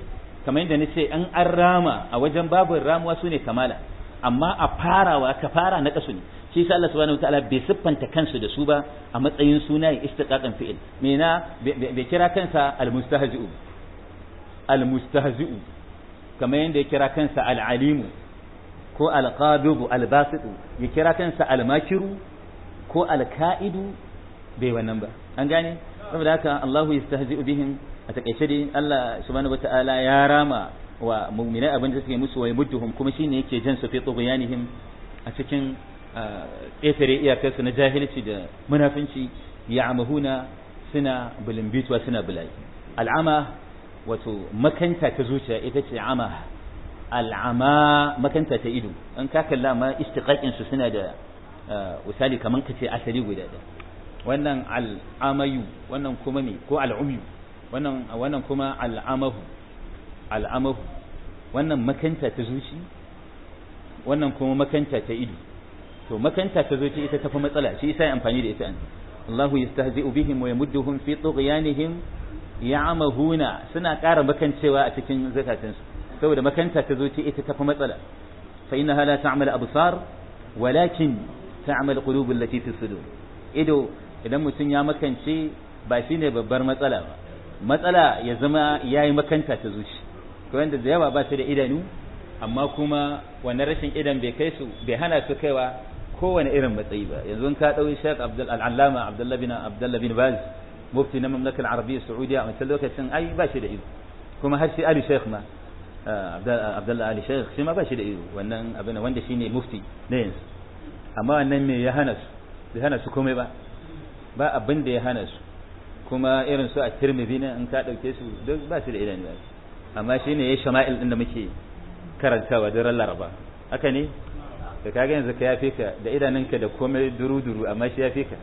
kamar yadda nace an an rama a wajen babun ramuwa sune kamala amma a farawa ka fara na kasu ne shi sa Allah subhanahu wataala bai siffanta kansu da su ba a matsayin sunayen istiqaqan fi'il mena bai kira kansa al-musta'azi'u, al almustahzi'u kamar yadda ya kira kansa al al'alimu ko al-khabibu, al albasitu ya kira kansa al almakiru ko al-ka'idu. bai wannan ba an gane saboda haka Allahu yastahzi'u bihim a takaice dai Allah subhanahu wataala ya rama wa muminai abin da suke musu wa yamudduhum kuma shine yake jan su fi tughyanihim a cikin ƙetare iyakarsu na jahilci da munafinci ya amahuna suna bulimbituwa suna bulayi al'ama wato makanta ta zuciya ita ce ama al'ama makanta ta ido an ka kalla ma istiqaqinsu suna da eh, misali kamar ka ce asali guda da wannan al'amayu wannan kuma ne ko al'umyu wannan wannan kuma al'amahu al'amahu wannan makanta ta zuci wannan kuma makanta ta ido to makanta ta zo ce ita tafi matsala shi yasa amfani da ita an Allahu yastahzi'u bihim wa yamudduhum fi tughyanihim ya'mahuna suna ƙara makancewa a cikin zakatansu saboda makanta ta zo ce ita tafi matsala fa innaha la ta'mal absar walakin ta'mal qulub allati fi sudur ido idan mutum ya makance ba shine babbar matsala ba matsala ya zama yayi makanta ta zuci to wanda da yawa ba su da idanu amma kuma wannan rashin idan bai kai su bai hana su kaiwa kowane irin matsayi ba yanzu in ka ɗauki Sheikh Abdul Al-Allama Abdullah bin Abdullah bin Baz mufti na mamlakar Arabiyya Saudiya a wancan lokacin ai ba shi da ido kuma har shi Ali Sheikh ma eh, Abdullah Ali Sheikh shi ma ba shi da ido wannan abin wanda shine mufti na yanzu amma wannan me ya hana su bai hana su komai ba ba abin da ya hana su kuma irin su a Tirmidhi ne in ka ɗauke su duk ba su da idanu amma shine ya shama'il din da muke karantawa daren Laraba haka ne to kaga yanzu ka yafe ka da idanunka da komai duru duru amma shi yafe ka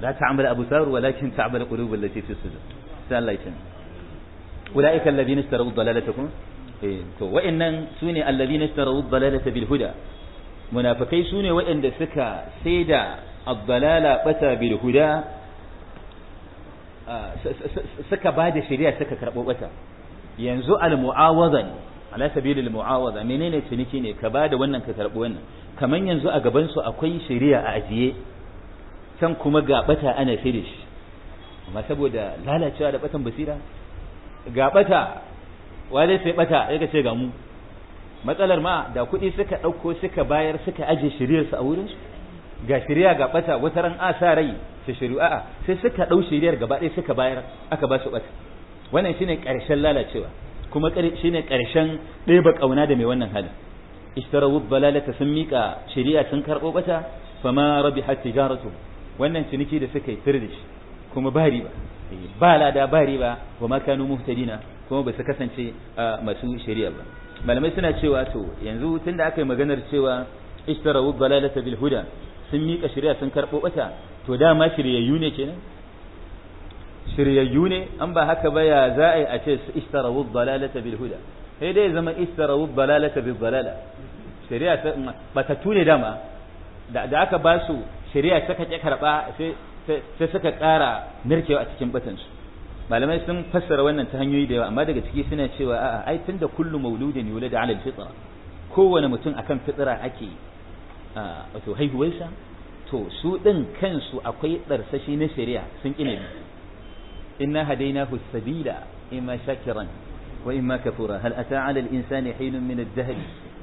la ta'mal absar walakin ta'mal qulub allati fi sudur sai Allah ya ulaika alladhina ishtaraw dalalatakum eh to wa'annan sune alladhina ishtaraw dalalata bil huda munafikai sune wa'anda suka saida ad-dalala bata bil huda ah, suka bada shari'a suka karbo bata yanzu al-mu'awadan ala sabilil mu'awadha menene ciniki ne ka bada wannan ka karbi wannan kaman yanzu a gaban su akwai shari'a a ajiye can kuma gabata ana shirye amma saboda lalacewa da batan basira gabata wale sai bata ya ce ga mu matsalar ma da kuɗi suka ɗauko suka bayar suka aje shari'ar su a wurin su ga shiriya ga bata wata ran a sa rai su shari'a sai suka ɗau shiriyar gaba ɗaya suka bayar aka ba su bata wannan shine ƙarshen lalacewa kuma shi ne karshen ɗeba ƙauna da mai wannan halin ishtarawu balalata sun miƙa shari'a sun karɓo bata fama jaratu wannan ciniki da suka yi tirdish kuma ba eh, ba lada ba riba wa ma muhtadina kuma ba su kasance masu shari'a ba malamai suna cewa to yanzu da aka yi maganar cewa ishtarawu balalata bil huda sun miƙa shari'a sun karɓo bata to dama shiryayyu ne kenan shiryayyu ne an ba haka ba ya za a yi a ce istarawu dalalata bil huda sai dai zama istarawu dalalata bil dalala shari'a ta batatu ne dama da aka ba su shari'a ta kake karba sai suka kara narkewa a cikin batansu malamai sun fassara wannan ta hanyoyi da yawa amma daga ciki suna cewa a'a ai tunda kullu mauludin yulada ala al-fitra kowane mutum akan fitra ake wato haihuwarsa to su din kansu akwai darsashi na shari'a sun kine إنا هديناه السبيل إما شاكرا وإما كفورا هل أتى على الإنسان حين من الدهر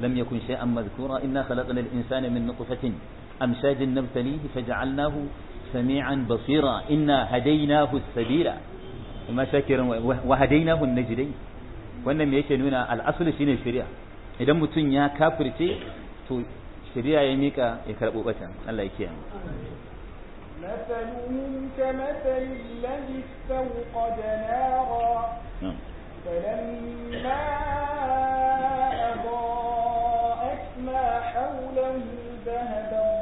لم يكن شيئا مذكورا إنا خلقنا الإنسان من نطفة أمشاج نبتليه فجعلناه سميعا بصيرا إنا هديناه السبيل إما شاكرا وهديناه النجدين wannan me yake nuna al'asulu shine shari'a idan mutum ya kafirce to shari'a ya mika ya karɓo bata Allah ya kiyaye مثلهم كمثل الذي استوقد نارا نعم. فلما أضاءت ما حوله ذهب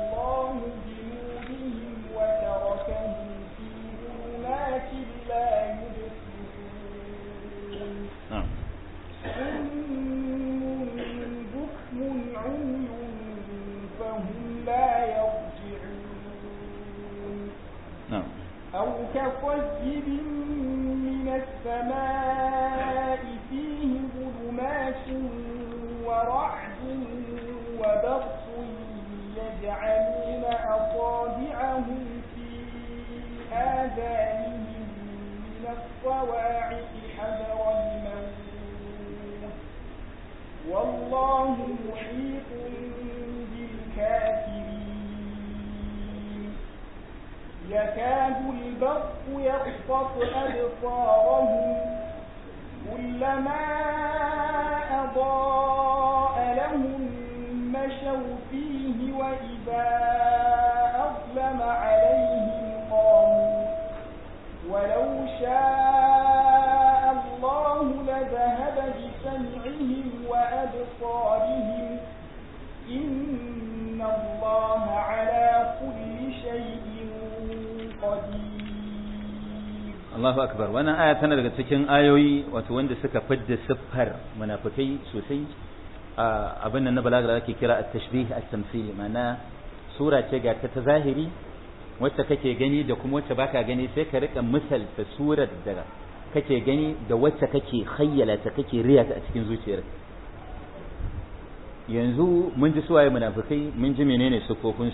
yana daga cikin ayoyi wato wanda suka fadda siffar munafikai sosai abin nan na balaga ake kira at-tashbih at-tamthil ma'ana sura ce ga ta zahiri wacce kake gani da kuma wacce baka gani sai ka rika misalta surar da kake gani da wacce kake khayyala ta kake riya ta a cikin zuciyar yanzu mun ji suwaye munafikai mun ji menene siffofin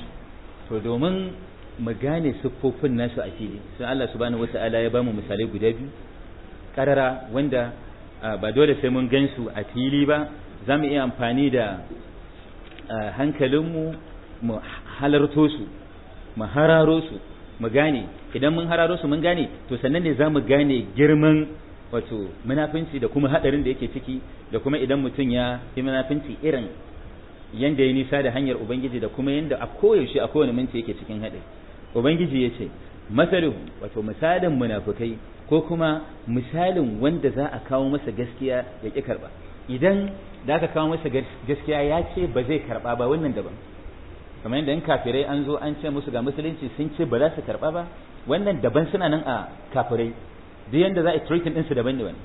su to domin mu gane siffofin nasu a fili sai Allah subhanahu wataala ya bamu misalai guda biyu karara wanda ba dole sai mun gansu a fili ba za mu iya amfani da hankalinmu mu halarto su mu hararo su mu gane idan mun hararo su mun gane to sannan ne za mu gane girman wato munafinci da kuma hadarin da yake ciki da kuma idan mutum ya yi munafinci irin yanda ya nisa da hanyar ubangiji da kuma yanda a koyaushe a kowane minti yake cikin haɗe ubangiji ya ce masaluhu wato misalin munafukai ko kuma misalin wanda za a kawo masa gaskiya ya ƙi karba idan da aka kawo masa gaskiya ya ce ba zai karɓa ba wannan daban kamar yadda in kafirai an zo an ce musu ga musulunci sun ce ba za su karɓa ba wannan daban suna nan a kafirai duk yadda za a din ɗinsu daban daban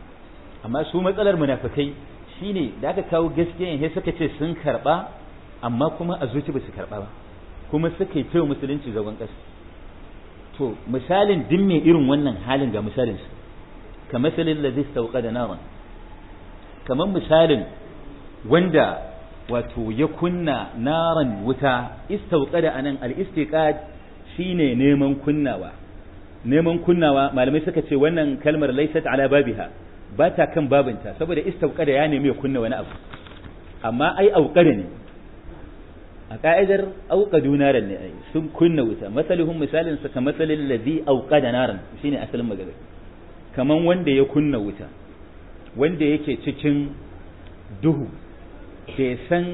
amma su matsalar munafukai shine da aka kawo gaskiya sai suka ce sun karɓa amma kuma a zuci ba su karɓa ba kuma suka yi musulunci zagon ƙasa to misalin din irin wannan halin ga misalin ka misalin ladhi istawqada naran kamar misalin wanda wato ya kunna naran wuta istawqada anan al shi ne neman kunnawa neman kunnawa malamai suka ce wannan kalmar laisat ala babiha ba ta kan babinta saboda istawqada ya nemi ya kunna wani abu amma ai auqada ne a ka'idar auqadu naran ne sun kunna wuta masaluhum misalin sa kamasalil ladhi auqada naran shine asalin magana kaman wanda ya kunna wuta wanda yake cikin duhu bai san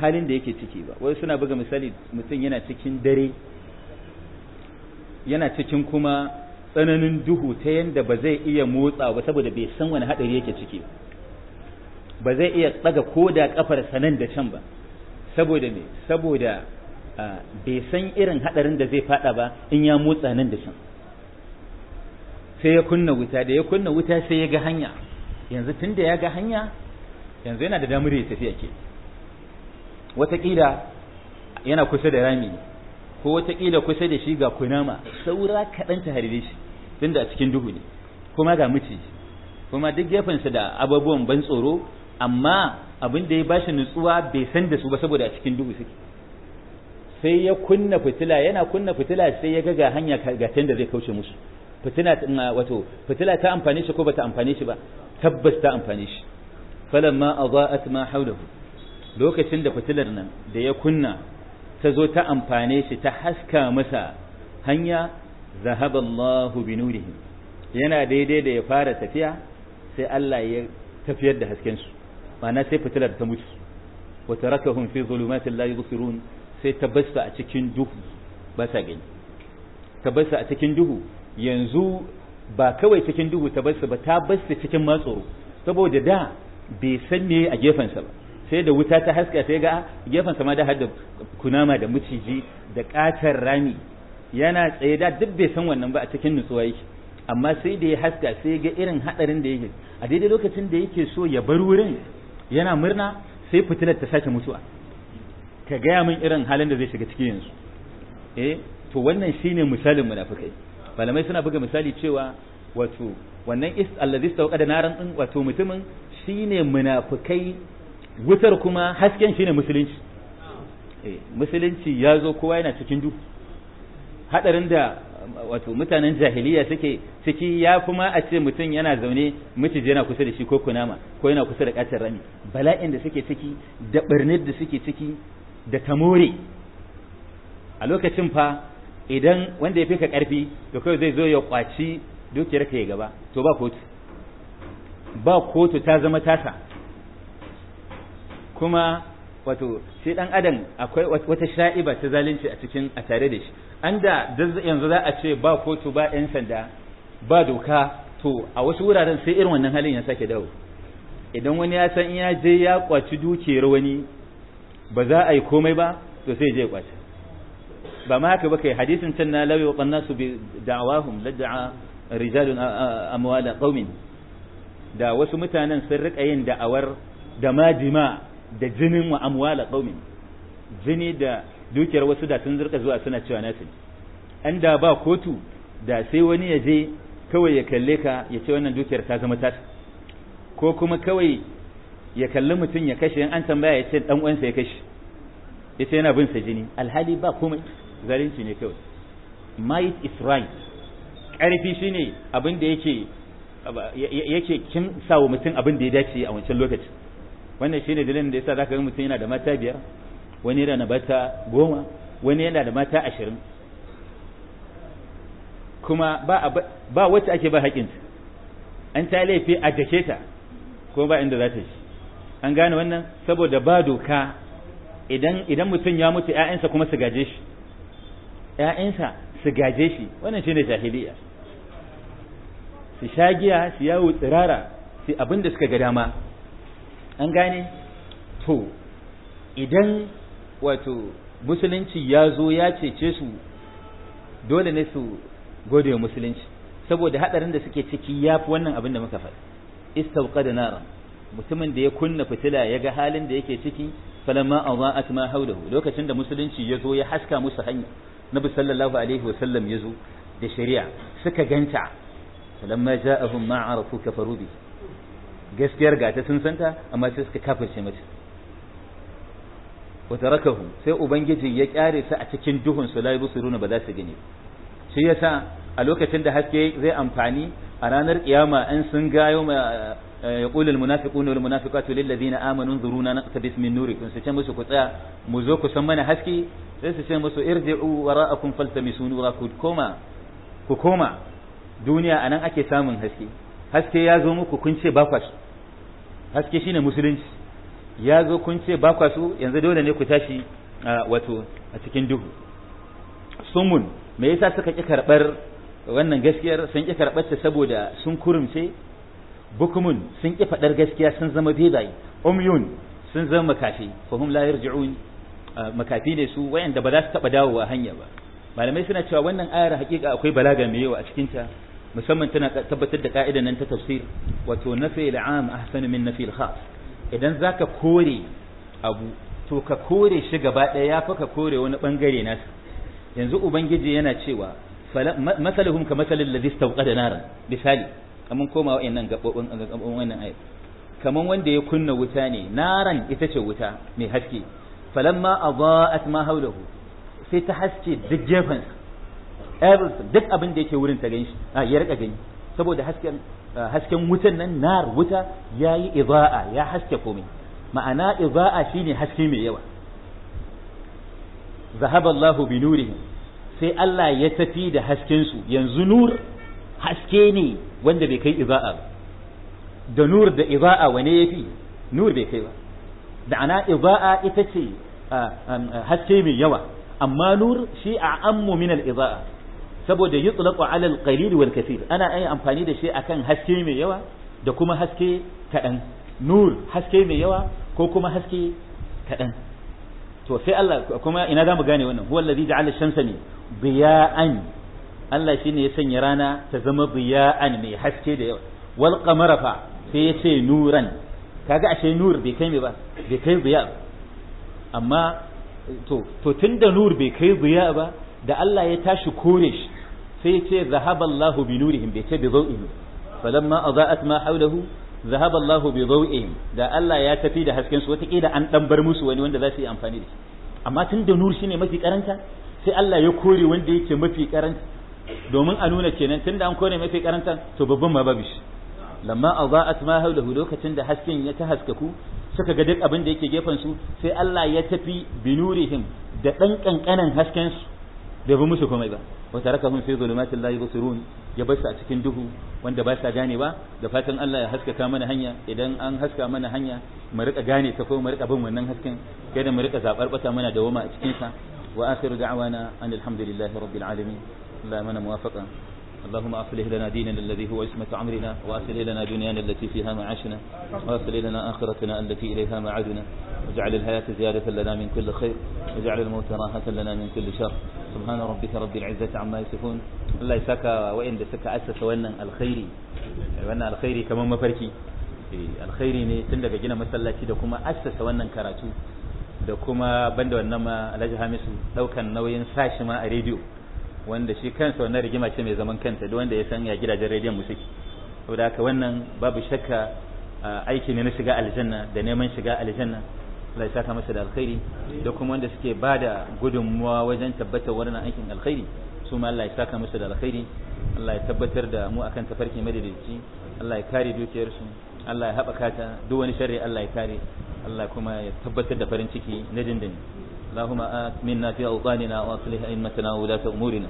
halin da yake ciki ba wai suna buga misali mutum yana cikin dare yana cikin kuma tsananin duhu ta yadda ba zai iya motsa ba saboda bai san wani hadari yake ciki ba zai iya tsaga ko da kafar sanan da can ba saboda me saboda bai san irin hadarin da zai fada ba in ya motsa nan da can sai ya kunna wuta da ya kunna wuta sai ya ga hanya yanzu tunda ya ga hanya yanzu yana da damar ya tafiya ke watakila yana kusa da rami ko watakila kusa da shi ga kunama saura kaɗan ta harbe shi tunda a cikin duhu ne kuma ga miciji kuma duk gefensa da abubuwan ban tsoro amma abin da ya bashi nutsuwa bai san da su ba saboda a cikin duhu suke sai ya kunna fitila yana kunna fitila sai ya ga hanya ga da zai kauce musu fitila uh, wato fitila ta amfane shi ko bata amfane shi ba tabbas ta amfane shi falamma adaa'at ma hawluhu lokacin da fitilar nan da ya kunna ta zo ta amfane shi ta haska masa hanya zahaba Allahu bi nurihi yana daidai da ya fara tafiya sai Allah ya tafiyar da hasken su ma'ana sai fitilar ta mutu wa tarakahum fi zulumatin la yubsirun sai ta a cikin duhu ba sa gani ta a cikin duhu yanzu ba kawai cikin duhu ta ba ta bassa cikin matsoro saboda da bai san me a sa ba sai da wuta ta haska sai ga ah, sa ma da hada kunama da maciji da katar rami yana tsaye da duk bai san wannan ba a cikin nutsuwa yake amma sai da ya haska sai ga irin hadarin da yake a daidai lokacin da yake so ya bar wurin yana murna sai fitilar ta sake mutuwa ka gaya min irin halin da zai shiga ciki yanzu eh to wannan shine misalin munafikai malamai suna buga misali cewa wato wannan is allazi da naran din wato mutumin shine munafikai wutar kuma hasken shine musulunci eh musulunci ya zo kowa yana cikin duhu hadarin da wato mutanen jahiliya suke ciki ya kuma a ce mutum yana zaune miciji yana kusa da shi ko kunama ko yana kusa da katin rami bala'in da suke ciki da birnin da suke ciki da tamore a lokacin fa idan wanda ya fi ka karfi to kawai zai zo ya kwaci dukiyar ka ya gaba to ba kotu ba kotu ta zama tasa kuma wato sai dan adam akwai wata sha'iba ta zalunci a cikin a tare da shi an da yanzu za a ce ba kotu ba 'yan sanda ba doka to a wasu wuraren sai irin wannan halin ya sake dawo idan wani ya san in ya je ya kwaci dukiyar wani ba za a yi komai ba to sai je kwaci ba ma haka ba kai hadisin can na lawi wa nasu bi da'awahum ladda'a rijalun amwala qaumin da wasu mutanen sun rika yin da'awar da majima da jinin wa amwala qaumin jini da dukiyar wasu da sun zurka zuwa suna cewa nasu an da ba kotu da sai wani ya je kawai ya kalle ka ya ce wannan dukiyar ta zama tasa, ko kuma kawai ya kalli mutum ya kashe an tambaya ya ce dan uwansa ya kashe ya ce yana bin sa jini alhali ba komai zalunci ne kawai might is right karfi shine abin da yake yake kin sawo mutum abin da ya dace a wancan lokacin wannan shine dalilin da yasa zaka ga mutum yana da mata biyar wani yana da mata goma wani yana da mata ashirin kuma ba wacce ake ba haƙinta an ta laifi a jake ta ko ba inda za ta shi an gane wannan saboda ba doka idan mutum ya mutu 'ya'yansa kuma su gaje shi 'ya'yansa su gaje shi wannan shine jahiliya su shagiya su yawo tsirara su abin suka ga dama an gane to idan wato musulunci ya zo ya cece su dole ne su gode wa musulunci saboda hadarin da suke ciki ya fi wannan abin da muka faɗi istauka da nara mutumin da ya kunna fitila ya ga halin da yake ciki falamma adaa'at ma hawlahu lokacin da musulunci ya zo ya haska musu hanya nabi sallallahu alaihi wa sallam ya zo da shari'a suka ganta falamma ja'ahum ma arafu kafaru bi gaskiyar gata sun santa amma sai suka kafirce mata wa tarakahu sai ubangiji ya kyare su a cikin duhun su la yusiruna ba za su gani shi yasa a lokacin da haske zai amfani a ranar kiyama an sun gayo eh, wal munafiqatu lil ladina amanu انظرونا naqtabis min nurikum sai ce musu ku tsaya mu zo ku san mana haske sai su ce musu irji'u wara'akum faltamisu nura ku koma ku koma duniya anan ake samun haske haske ya zo muku kun ce ba haske shine musulunci ya zo kun ce ba kwa su yanzu dole ne ku tashi wato a cikin duhu sumun me yasa suka ki karbar wannan gaskiyar sun ki karbar ta saboda sun kurumce bukumun sun ki fadar gaskiya sun zama bebayi umyun sun zama makafi fahum la yarji'un makafi ne su wayanda ba za su taba dawowa hanya ba malamai suna cewa wannan ayar hakika akwai balaga mai yawa a cikin ta musamman tana tabbatar da ka'idar nan ta tafsir wato nafi al-am ahsanu min nafi al-khas idan za ka kore abu to ka kore shi gaba ɗaya ya fa ka kore wani na su yanzu ubangiji yana cewa matsalihun ka masalin ladhi istawqada naran misali Kamar koma wa'annan gabobin wannan ayat kamar wanda ya kunna wuta ne naran ita ce wuta mai haske falamma adaa'at ma hawlahu sai ta haske duk gefen duk abin da yake wurin ta gani ya rika gani saboda hasken hasken wutan nan nar wuta yayi iza'a ya haske komai ma'ana shi shine haske mai yawa zahaballahu Allahu bi nurihim sai Allah ya tafi da haskensu yanzu nur haske ne wanda bai kai iza'a ba da nur da iza'a wane yafi nur bai kai ba da ana iza'a ita ce ah, ah, haske mai yawa amma nur shi a ammu min al iza'a saboda tsulaƙo alal qalil wal kathir ana yi amfani da shi akan haske mai yawa da kuma haske kaɗan nur haske mai yawa ko kuma haske kaɗan to sai Allah kuma ina za mu gane wannan huwa allazi ja'ala shamsa ne biya'an Allah shine ya sanya rana ta zama biya'an mai haske da yawa wal qamara fa sai ya ce nuran kaga ashe nur bai kai mai ba bai kai biya amma to to tunda nur bai kai biya ba da Allah ya tashi kore shi sai ce zahaba Allah bi nurihim bai ce bi dawihim falamma adaat ma hawlahu zahaba Allah bi dawihim da Allah ya tafi da hasken su wataƙila an dan bar musu wani wanda za su yi amfani da shi amma tun da nur shine mafi karanta sai Allah ya kore wanda yake mafi karanta domin a nuna kenan da an kore mafi karanta to babban ma babu shi lamma adaat ma hawlahu lokacin da hasken ya ta haskaku suka ga duk abin da yake gefen su sai Allah ya tafi bi nurihim da dan kankanan hasken su bai bi musu komai ba wa tarakahum fi dhulumatin la yubsirun ya bar a cikin duhu wanda ba gane ba da fatan Allah ya haskaka mana hanya idan an haska mana hanya mu gane ta ko rika bin wannan hasken kada mu rika zabar bata mana dawoma a cikin sa mana اللهم أصلح لنا ديننا الذي هو اسمة عمرنا وأصلح لنا دنيانا التي فيها معاشنا وأصلح لنا آخرتنا التي إليها معادنا واجعل الحياة زيادة لنا من كل خير واجعل الموت راحة لنا من كل شر سبحان ربك رب العزة عما يصفون الله يسكى وإن لسك أسس وأن الخيري وأن الخيري كما مفركي الخيري تندق tun مثلا gina masallaci اسس kuma assasa wannan بندو da kuma banda wannan ma Alhaji Hamisu daukan nauyin sashi ma a wanda shi kansa wannan rigima ce mai zaman kanta duk wanda ya san ya gidajen rediyon mu saboda haka wannan babu shakka aiki ne na shiga aljanna da neman shiga aljanna Allah ya saka masa da alkhairi da kuma wanda suke bada gudunmuwa wajen tabbatar wannan aikin alkhairi su ma Allah ya saka masa da alkhairi Allah ya tabbatar da mu akan tafarki madadici Allah ya kare dukiyarsu Allah ya haɓaka ta duk wani sharri Allah ya kare Allah kuma ya tabbatar da farin ciki na dindin اللهم آت منا في أوطاننا وأصلح أئمتنا وولاة أمورنا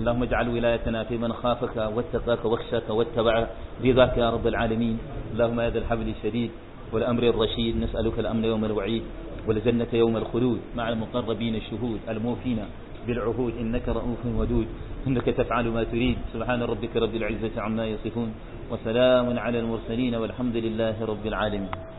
اللهم اجعل ولايتنا في من خافك واتقاك واخشاك واتبع رضاك يا رب العالمين اللهم يا ذا الحبل الشديد والأمر الرشيد نسألك الأمن يوم الوعيد والجنة يوم الخلود مع المقربين الشهود الموفين بالعهود إنك رؤوف ودود إنك تفعل ما تريد سبحان ربك رب العزة عما يصفون وسلام على المرسلين والحمد لله رب العالمين